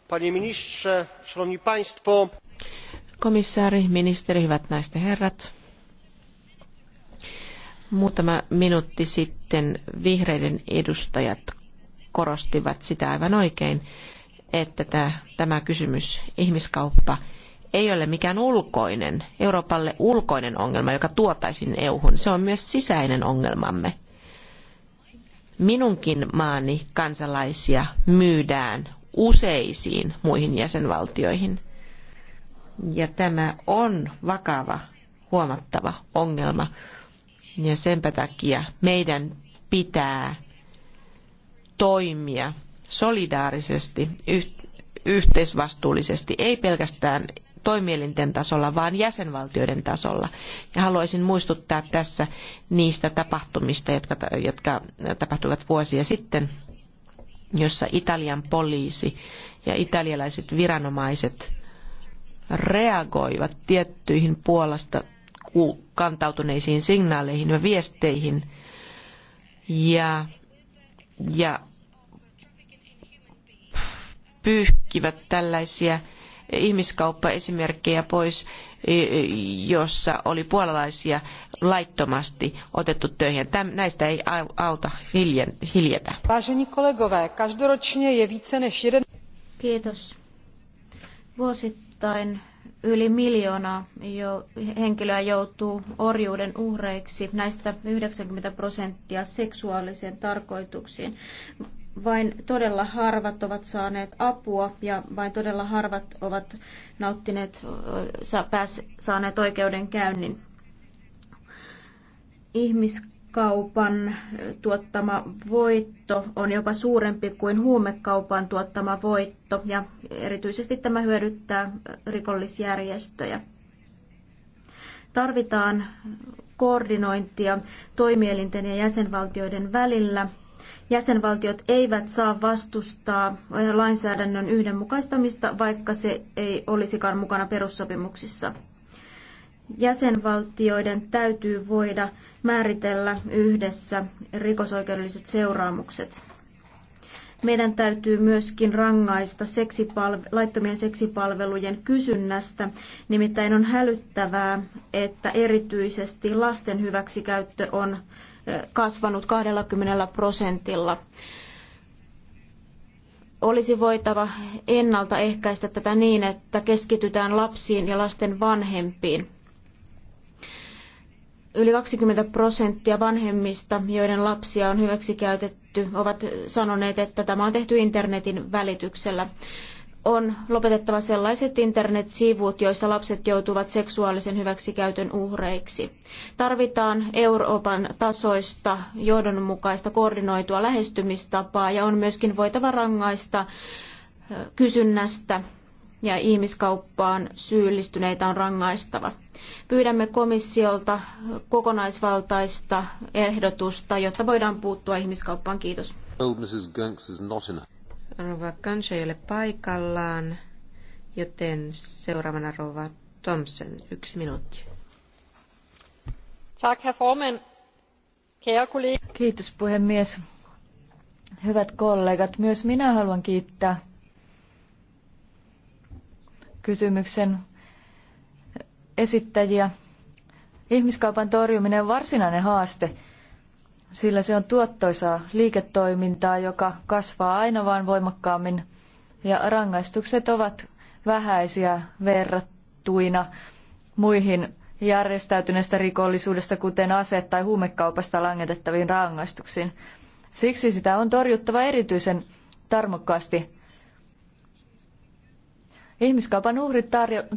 panie ministrze, szanowni państwo.
Komissaari, ministeri, hyvät naiset ja herrat. Muutama minuutti sitten vihreiden edustajat korostivat sitä aivan oikein, että tämä kysymys, ihmiskauppa, ei ole mikään ulkoinen, Euroopalle ulkoinen ongelma, joka tuotaisiin EU-hun. Se on myös sisäinen ongelmamme. Minunkin maani kansalaisia myydään useisiin muihin jäsenvaltioihin – ja tämä on vakava, huomattava ongelma. Ja senpä takia meidän pitää toimia solidaarisesti, yhteisvastuullisesti, ei pelkästään toimielinten tasolla, vaan jäsenvaltioiden tasolla. Ja haluaisin muistuttaa tässä niistä tapahtumista, jotka, jotka tapahtuivat vuosia sitten, jossa Italian poliisi ja italialaiset viranomaiset reagoivat tiettyihin Puolasta kantautuneisiin signaaleihin ja viesteihin ja, ja pyyhkivät tällaisia ihmiskauppaesimerkkejä pois, jossa oli puolalaisia laittomasti otettu töihin. Täm, näistä ei auta hiljen, hiljetä.
Kiitos. Vuosittain Vuosittain yli miljoona henkilöä joutuu orjuuden uhreiksi, näistä 90 prosenttia seksuaaliseen tarkoituksiin. Vain todella harvat ovat saaneet apua ja vain todella harvat ovat nauttineet, saaneet oikeudenkäynnin. Ihmis kaupan tuottama voitto on jopa suurempi kuin huumekaupan tuottama voitto ja erityisesti tämä hyödyttää rikollisjärjestöjä. Tarvitaan koordinointia toimielinten ja jäsenvaltioiden välillä. Jäsenvaltiot eivät saa vastustaa lainsäädännön yhdenmukaistamista, vaikka se ei olisikaan mukana perussopimuksissa. Jäsenvaltioiden täytyy voida määritellä yhdessä rikosoikeudelliset seuraamukset. Meidän täytyy myöskin rangaista seksipalve- laittomien seksipalvelujen kysynnästä. Nimittäin on hälyttävää, että erityisesti lasten hyväksikäyttö on kasvanut 20 prosentilla. Olisi voitava ennaltaehkäistä tätä niin, että keskitytään lapsiin ja lasten vanhempiin. Yli 20 prosenttia vanhemmista, joiden lapsia on hyväksikäytetty, ovat sanoneet, että tämä on tehty internetin välityksellä. On lopetettava sellaiset internetsivut, joissa lapset joutuvat seksuaalisen hyväksikäytön uhreiksi. Tarvitaan Euroopan tasoista johdonmukaista koordinoitua lähestymistapaa ja on myöskin voitava rangaista kysynnästä ja ihmiskauppaan syyllistyneitä on rangaistava. Pyydämme komissiolta kokonaisvaltaista ehdotusta, jotta voidaan puuttua ihmiskauppaan. Kiitos.
Rova Kansa ei ole paikallaan, joten seuraavana Rova Thompson, yksi minuutti. Tack, herr Formen.
Kiitos puhemies. Hyvät kollegat, myös minä haluan kiittää kysymyksen esittäjiä. Ihmiskaupan torjuminen on varsinainen haaste, sillä se on tuottoisaa liiketoimintaa, joka kasvaa aina vain voimakkaammin ja rangaistukset ovat vähäisiä verrattuina muihin järjestäytyneestä rikollisuudesta, kuten ase- tai huumekaupasta langetettaviin rangaistuksiin. Siksi sitä on torjuttava erityisen tarmokkaasti Ihmiskaupan uhrit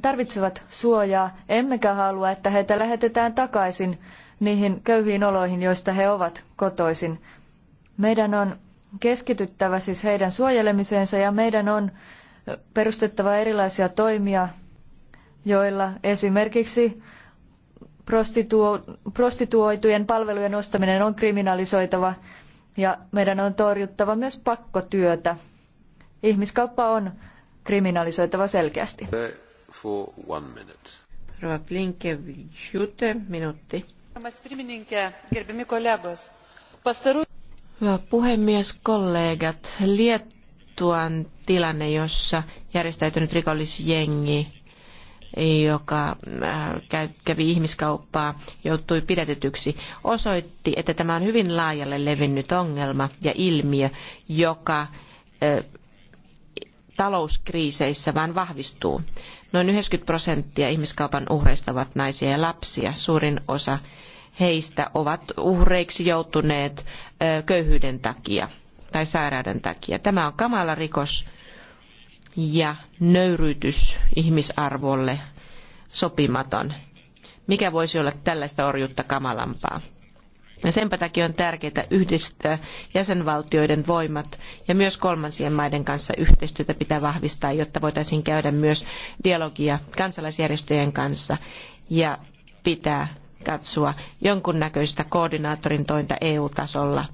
tarvitsevat suojaa, emmekä halua, että heitä lähetetään takaisin niihin köyhiin oloihin, joista he ovat kotoisin. Meidän on keskityttävä siis heidän suojelemiseensa ja meidän on perustettava erilaisia toimia, joilla esimerkiksi prostituoitujen palvelujen ostaminen on kriminalisoitava ja meidän on torjuttava myös pakkotyötä. Ihmiskauppa on kriminalisoitava selkeästi. Rova Blinkevičiūtė, minuutti.
Hyvä puhemies, kollegat. Liettuan tilanne, jossa järjestäytynyt rikollisjengi, joka äh, kävi ihmiskauppaa, joutui pidätetyksi, osoitti, että tämä on hyvin laajalle levinnyt ongelma ja ilmiö, joka äh, talouskriiseissä vain vahvistuu. Noin 90 prosenttia ihmiskaupan uhreista ovat naisia ja lapsia. Suurin osa heistä ovat uhreiksi joutuneet köyhyyden takia tai sairauden takia. Tämä on kamala rikos ja nöyryytys ihmisarvolle sopimaton. Mikä voisi olla tällaista orjuutta kamalampaa? Ja senpä takia on tärkeää yhdistää jäsenvaltioiden voimat ja myös kolmansien maiden kanssa yhteistyötä pitää vahvistaa, jotta voitaisiin käydä myös dialogia kansalaisjärjestöjen kanssa ja pitää katsoa jonkunnäköistä koordinaattorin tointa EU-tasolla.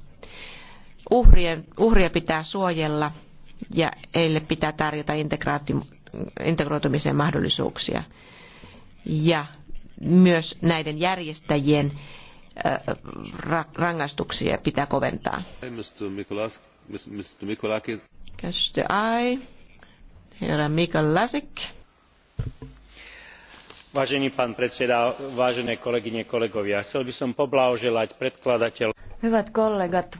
Uhrien, uhria pitää suojella ja heille pitää tarjota integroitumisen mahdollisuuksia. Ja myös näiden järjestäjien rangaistuksia pitää koventaa.
Mr. Mikolakis.
Catch the eye. Herra Mikolasik.
Vážený pán predseda, vážené kolegyne, kolegovia, chcel by som poblahoželať predkladateľ. Hyvät kollegat,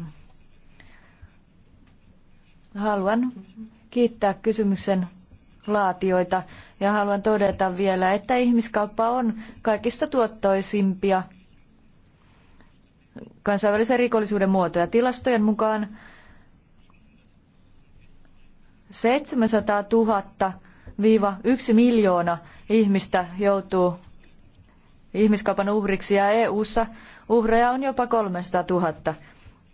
haluan kiittää kysymyksen laatioita ja haluan todeta vielä, että ihmiskauppa on kaikista tuottoisimpia kansainvälisen rikollisuuden muotoja. Tilastojen mukaan 700 000 viiva yksi miljoona ihmistä joutuu ihmiskaupan uhriksi ja EU:ssa uhreja on jopa 300 000.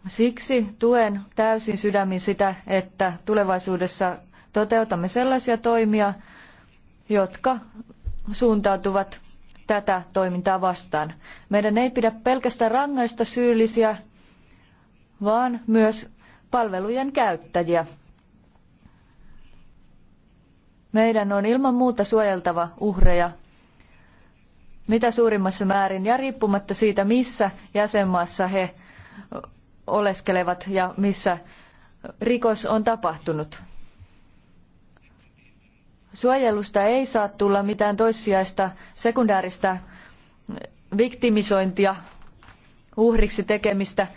Siksi tuen täysin sydämin sitä, että tulevaisuudessa toteutamme sellaisia toimia, jotka suuntautuvat tätä toimintaa vastaan. Meidän ei pidä pelkästään rangaista syyllisiä, vaan myös palvelujen käyttäjiä. Meidän on ilman muuta suojeltava uhreja mitä suurimmassa määrin ja riippumatta siitä, missä jäsenmaassa he oleskelevat ja missä rikos on tapahtunut. Suojelusta ei saa tulla mitään toissijaista sekundääristä viktimisointia, uhriksi tekemistä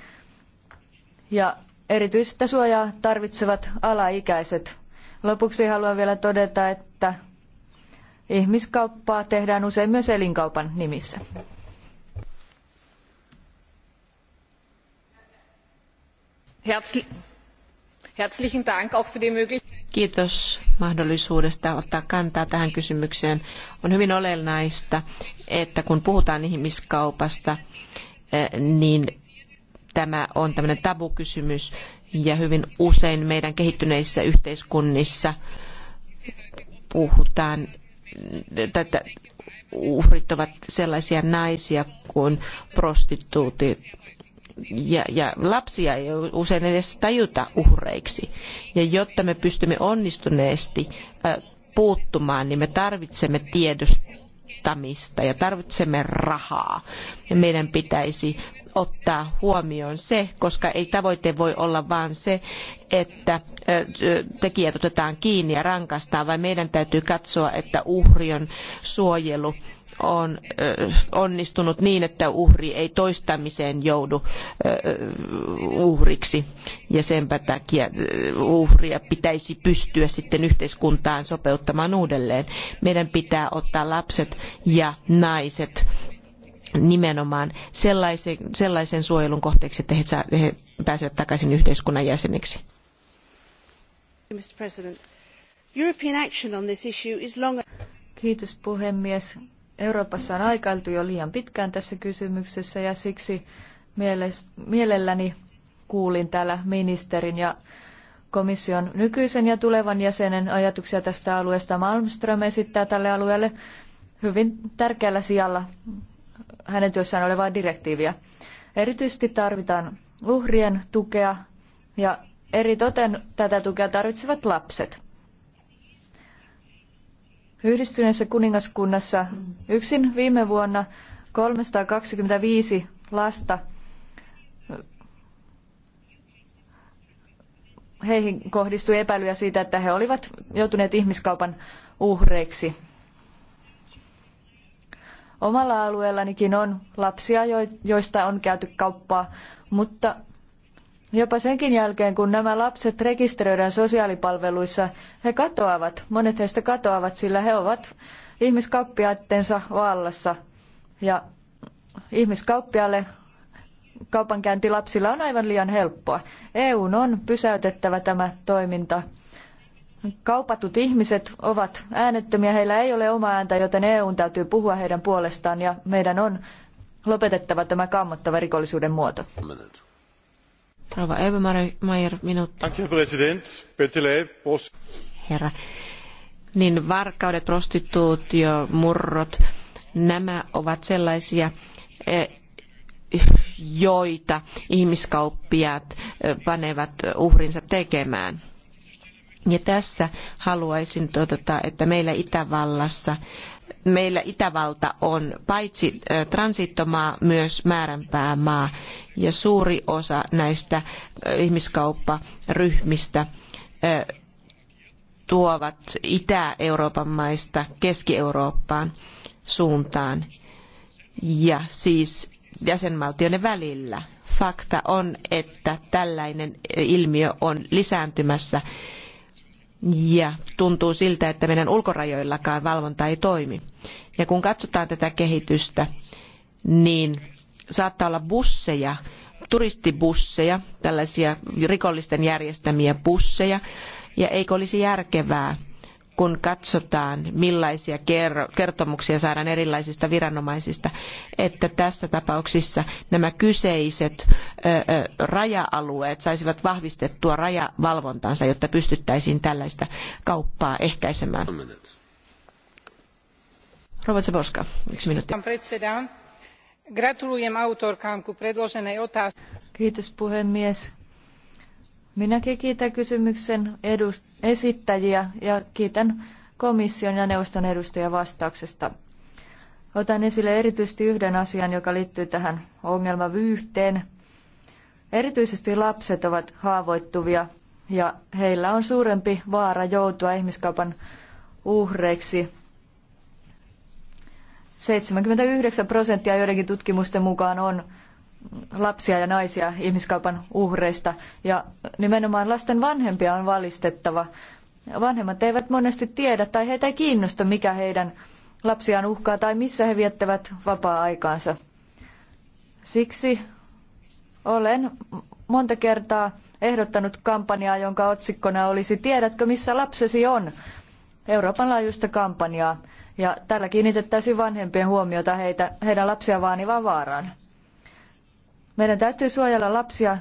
ja erityistä suojaa tarvitsevat alaikäiset. Lopuksi haluan vielä todeta, että ihmiskauppaa tehdään usein myös elinkaupan nimissä. Herzlichen Dank auch für die Möglichkeit.
Kiitos mahdollisuudesta ottaa kantaa tähän kysymykseen. On hyvin olennaista, että kun puhutaan ihmiskaupasta, eh, niin tämä on tämmöinen tabukysymys ja hyvin usein meidän kehittyneissä yhteiskunnissa puhutaan, tätä uhrit ovat sellaisia naisia kuin prostituutit ja, ja lapsia ei usein edes tajuta uhreiksi. Ja jotta me pystymme onnistuneesti puuttumaan, niin me tarvitsemme tiedostamista ja tarvitsemme rahaa. Ja meidän pitäisi ottaa huomioon se, koska ei tavoite voi olla vain se, että tekijät otetaan kiinni ja rankastaa, vaan meidän täytyy katsoa, että uhri on suojelu on onnistunut niin, että uhri ei toistamiseen joudu uhriksi. Ja senpä takia uhria pitäisi pystyä sitten yhteiskuntaan sopeuttamaan uudelleen. Meidän pitää ottaa lapset ja naiset nimenomaan sellaisen, sellaisen suojelun kohteeksi, että he, saa, he pääsevät takaisin yhteiskunnan jäseniksi.
Kiitos puhemies. Euroopassa on aikailtu jo liian pitkään tässä kysymyksessä ja siksi mielelläni kuulin täällä ministerin ja komission nykyisen ja tulevan jäsenen ajatuksia tästä alueesta. Malmström esittää tälle alueelle hyvin tärkeällä sijalla hänen työssään olevaa direktiiviä. Erityisesti tarvitaan uhrien tukea ja eritoten tätä tukea tarvitsevat lapset. Yhdistyneessä kuningaskunnassa yksin viime vuonna 325 lasta heihin kohdistui epäilyjä siitä, että he olivat joutuneet ihmiskaupan uhreiksi. Omalla alueellanikin on lapsia, joista on käyty kauppaa, mutta Jopa senkin jälkeen, kun nämä lapset rekisteröidään sosiaalipalveluissa, he katoavat, monet heistä katoavat, sillä he ovat ihmiskauppiaittensa vallassa. Ja ihmiskauppialle kaupankäynti lapsilla on aivan liian helppoa. EU on pysäytettävä tämä toiminta. Kaupatut ihmiset ovat äänettömiä, heillä ei ole omaa ääntä, joten EUn täytyy puhua heidän puolestaan ja meidän on lopetettava tämä kammottava rikollisuuden muoto.
Rouva Ebermeier, minuutti. Herra. Niin varkaudet, prostituutio, murrot, nämä ovat sellaisia e, joita ihmiskauppiaat e, panevat uhrinsa tekemään. Ja tässä haluaisin todeta, että meillä Itävallassa meillä Itävalta on paitsi transittomaa myös määränpää maa ja suuri osa näistä ihmiskaupparyhmistä tuovat Itä-Euroopan maista Keski-Eurooppaan suuntaan ja siis jäsenvaltioiden välillä. Fakta on, että tällainen ilmiö on lisääntymässä ja tuntuu siltä, että meidän ulkorajoillakaan valvonta ei toimi. Ja kun katsotaan tätä kehitystä, niin saattaa olla busseja, turistibusseja, tällaisia rikollisten järjestämiä busseja, ja eikö olisi järkevää, kun katsotaan, millaisia kertomuksia saadaan erilaisista viranomaisista, että tässä tapauksessa nämä kyseiset raja-alueet saisivat vahvistettua rajavalvontansa, jotta pystyttäisiin tällaista kauppaa ehkäisemään. Rova Zaborska, yksi minuutti.
Gratulujem autorkaan, kun predloženei Kiitos puhemies Minäkin kiitän kysymyksen esittäjiä ja kiitän komission ja neuvoston edustajia vastauksesta. Otan esille erityisesti yhden asian, joka liittyy tähän ongelmavyyhteen. Erityisesti lapset ovat haavoittuvia ja heillä on suurempi vaara joutua ihmiskaupan uhreiksi. 79 prosenttia joidenkin tutkimusten mukaan on lapsia ja naisia ihmiskaupan uhreista ja nimenomaan lasten vanhempia on valistettava. Vanhemmat eivät monesti tiedä tai heitä ei kiinnosta, mikä heidän lapsiaan uhkaa tai missä he viettävät vapaa-aikaansa. Siksi olen monta kertaa ehdottanut kampanjaa, jonka otsikkona olisi Tiedätkö, missä lapsesi on? Euroopan laajuista kampanjaa. Ja tällä kiinnitettäisiin vanhempien huomiota heitä, heidän lapsiaan vaanivaan vaaraan. Meidän täytyy suojella lapsia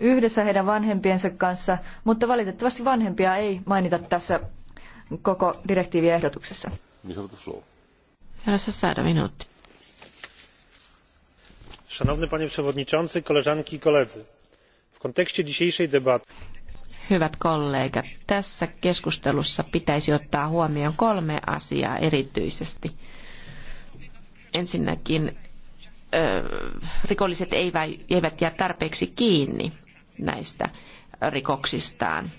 yhdessä heidän vanhempiensa kanssa, mutta valitettavasti vanhempia ei mainita tässä koko direktiiviehdotuksessa. Herrassa
Szanowny panie przewodniczący, koleżanki i koledzy. W kontekście dzisiejszej debaty
Hyvät kollegat, tässä keskustelussa pitäisi ottaa huomioon kolme asiaa erityisesti. Ensinnäkin rikolliset eivät jää tarpeeksi kiinni näistä rikoksistaan.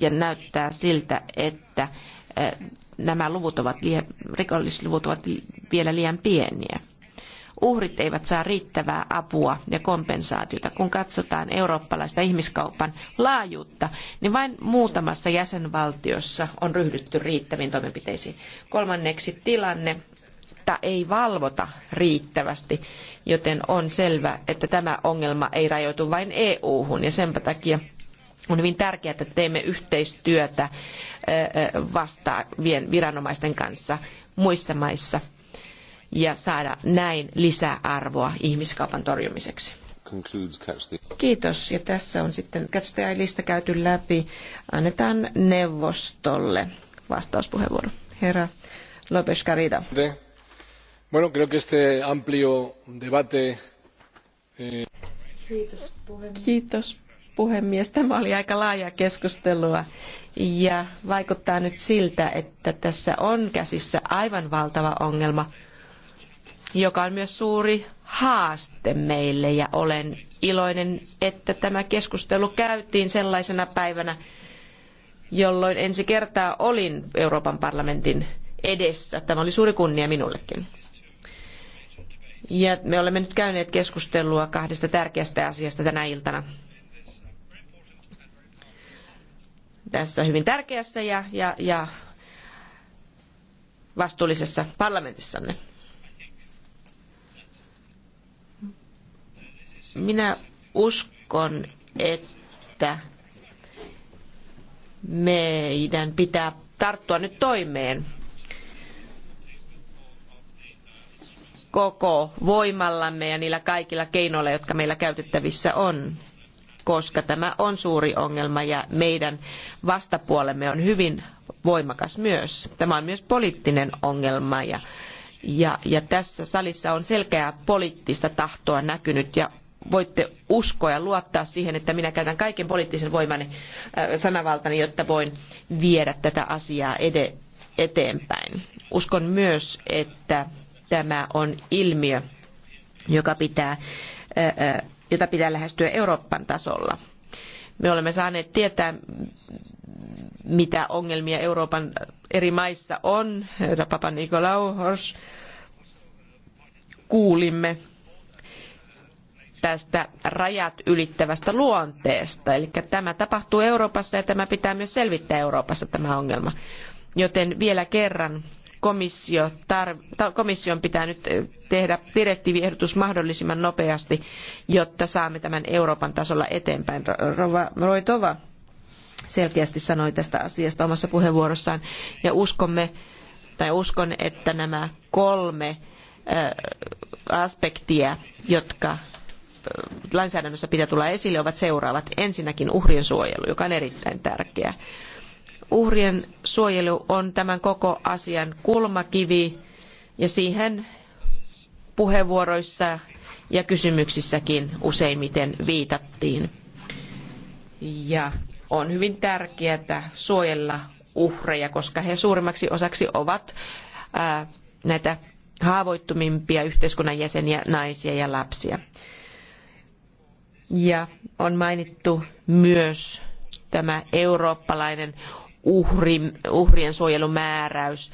Ja näyttää siltä, että nämä luvut ovat, rikollisluvut ovat vielä liian pieniä. Uhrit eivät saa riittävää apua ja kompensaatiota. Kun katsotaan eurooppalaista ihmiskaupan laajuutta, niin vain muutamassa jäsenvaltiossa on ryhdytty riittäviin toimenpiteisiin. Kolmanneksi tilanne että ei valvota riittävästi, joten on selvä, että tämä ongelma ei rajoitu vain EU-hun ja sen takia on hyvin tärkeää, että teemme yhteistyötä vastaavien viranomaisten kanssa muissa maissa ja saada näin lisäarvoa ihmiskaupan torjumiseksi. Kiitos. Ja tässä on sitten katsotajalista käyty läpi. Annetaan neuvostolle vastauspuheenvuoro. Herra Lopes Carita
creo que este amplio debate eh,
Kiitos puhemies. Tämä oli aika laaja keskustelua ja vaikuttaa nyt siltä, että tässä on käsissä aivan valtava ongelma, joka on myös suuri haaste meille ja olen iloinen, että tämä keskustelu käytiin sellaisena päivänä, jolloin ensi kertaa olin Euroopan parlamentin edessä. Tämä oli suuri kunnia minullekin. Ja me olemme nyt käyneet keskustelua kahdesta tärkeästä asiasta tänä iltana. Tässä hyvin tärkeässä ja, ja, ja vastuullisessa parlamentissanne. Minä uskon, että meidän pitää tarttua nyt toimeen koko voimallamme ja niillä kaikilla keinoilla, jotka meillä käytettävissä on, koska tämä on suuri ongelma ja meidän vastapuolemme on hyvin voimakas myös. Tämä on myös poliittinen ongelma ja, ja, ja tässä salissa on selkeää poliittista tahtoa näkynyt ja voitte uskoa ja luottaa siihen, että minä käytän kaiken poliittisen voimani äh, sanavaltani, jotta voin viedä tätä asiaa eteenpäin. Uskon myös, että Tämä on ilmiö, joka pitää, jota pitää lähestyä Euroopan tasolla. Me olemme saaneet tietää, mitä ongelmia Euroopan eri maissa on. Herra Papa Nikolau Hors, kuulimme tästä rajat ylittävästä luonteesta. Eli tämä tapahtuu Euroopassa ja tämä pitää myös selvittää Euroopassa tämä ongelma. Joten vielä kerran komissio komission pitää nyt eh, tehdä direktiiviehdotus mahdollisimman nopeasti, jotta saamme tämän Euroopan tasolla eteenpäin. Rova Roitova selkeästi sanoi tästä asiasta omassa puheenvuorossaan ja uskomme tai uskon, että nämä kolme eh, aspektia, jotka eh, lainsäädännössä pitää tulla esille, ovat seuraavat. Ensinnäkin uhrien suojelu, joka on erittäin tärkeä. Uhrien suojelu on tämän koko asian kulmakivi ja siihen puheenvuoroissa ja kysymyksissäkin useimmiten viitattiin. Ja on hyvin tärkeää suojella uhreja, koska he suurimmaksi osaksi ovat ää, näitä haavoittumimpia yhteiskunnan jäseniä, naisia ja lapsia. Ja on mainittu myös tämä eurooppalainen uhrin, uhrien suojelumääräys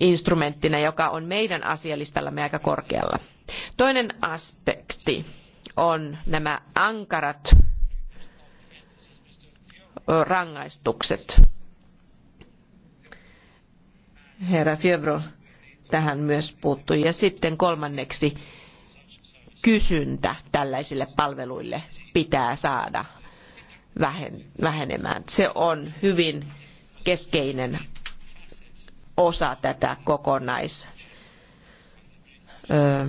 instrumenttina, joka on meidän asialistallamme aika korkealla. Toinen aspekti on nämä ankarat rangaistukset. Herra Fievro tähän myös puuttui. Ja sitten kolmanneksi kysyntä tällaisille palveluille pitää saada vähenemään. Se on hyvin keskeinen osa tätä kokonais, ö,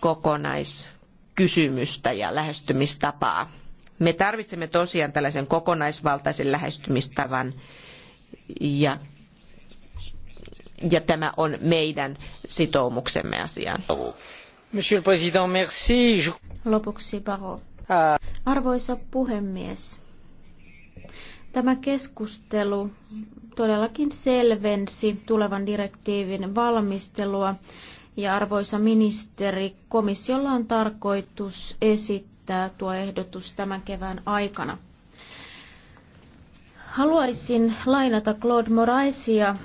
kokonaiskysymystä ja lähestymistapaa. Me tarvitsemme tosiaan tällaisen kokonaisvaltaisen lähestymistavan ja, ja tämä on meidän sitoumuksemme asiaan. Monsieur le Président, merci.
Lopuksi Paro. Ah. Arvoisa puhemies, Tämä keskustelu todellakin selvensi tulevan direktiivin valmistelua ja arvoisa ministeri, komissiolla on tarkoitus esittää tuo ehdotus tämän kevään aikana. Haluaisin lainata Claude Moraisia,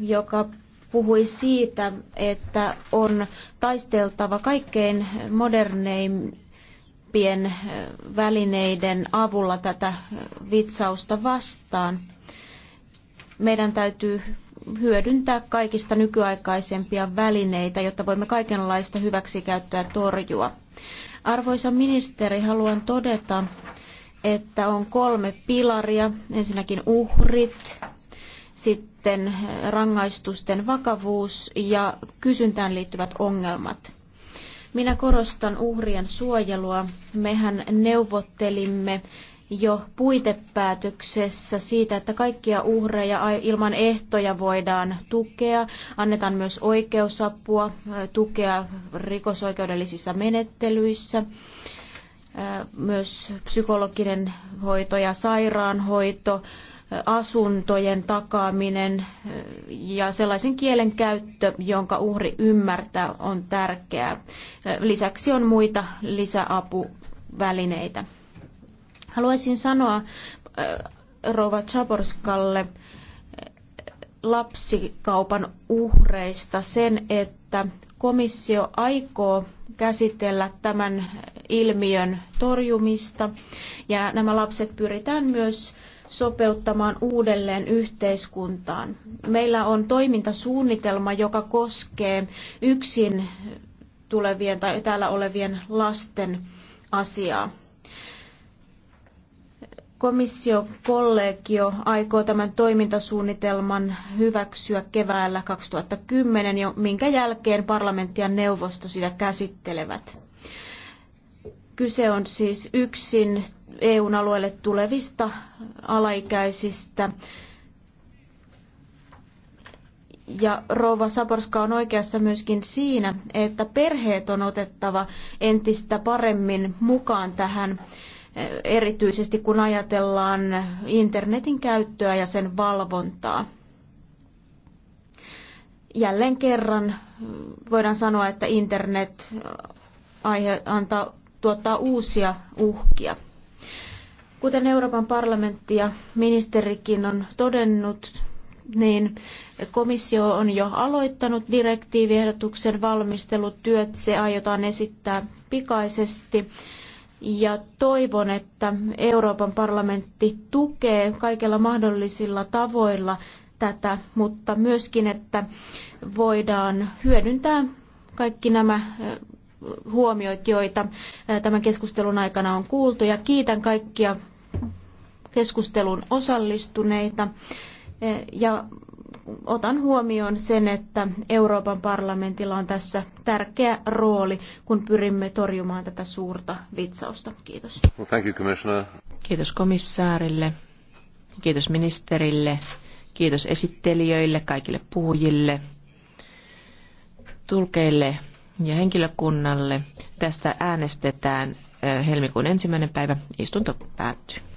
joka puhui siitä, että on taisteltava kaikkein modernein tyyppien eh, välineiden avulla tätä eh, vitsausta vastaan. Meidän täytyy hyödyntää kaikista nykyaikaisempia välineitä, jotta voimme kaikenlaista hyväksikäyttöä torjua. Arvoisa ministeri, haluan todeta, että on kolme pilaria. Ensinnäkin uhrit, sitten eh, rangaistusten vakavuus ja kysyntään liittyvät ongelmat. Minä korostan uhrien suojelua. Mehän neuvottelimme jo puitepäätöksessä siitä, että kaikkia uhreja ilman ehtoja voidaan tukea. Annetaan myös oikeusapua, tukea rikosoikeudellisissa menettelyissä, myös psykologinen hoito ja sairaanhoito asuntojen takaaminen ja sellaisen kielen käyttö, jonka uhri ymmärtää, on tärkeää. Lisäksi on muita lisäapuvälineitä. Haluaisin sanoa äh, Rova Chaborskalle äh, lapsikaupan uhreista sen, että komissio aikoo käsitellä tämän ilmiön torjumista ja nämä lapset pyritään myös sopeuttamaan uudelleen yhteiskuntaan. Meillä on toimintasuunnitelma, joka koskee yksin tulevien tai täällä olevien lasten asiaa. Komissiokollegio aikoo tämän toimintasuunnitelman hyväksyä keväällä 2010, minkä jälkeen parlamentti ja neuvosto sitä käsittelevät. Kyse on siis yksin EUn alueelle tulevista alaikäisistä. Ja Rouva Saporska on oikeassa myöskin siinä, että perheet on otettava entistä paremmin mukaan tähän, erityisesti kun ajatellaan internetin käyttöä ja sen valvontaa. Jälleen kerran voidaan sanoa, että internet aihe antaa, tuottaa uusia uhkia. Kuten Euroopan parlamentti ja ministerikin on todennut, niin komissio on jo aloittanut direktiiviehdotuksen valmistelutyöt. Se aiotaan esittää pikaisesti. Ja toivon, että Euroopan parlamentti tukee kaikilla mahdollisilla tavoilla tätä, mutta myöskin, että voidaan hyödyntää kaikki nämä huomiot, joita tämän keskustelun aikana on kuultu. Ja kiitän kaikkia keskusteluun osallistuneita ja otan huomioon sen, että Euroopan parlamentilla on tässä tärkeä rooli, kun pyrimme torjumaan tätä suurta vitsausta. Kiitos. Well, thank you, Commissioner.
Kiitos komissaarille, kiitos ministerille, kiitos esittelijöille, kaikille puhujille, tulkeille ja henkilökunnalle. Tästä äänestetään helmikuun ensimmäinen päivä. Istunto päättyy.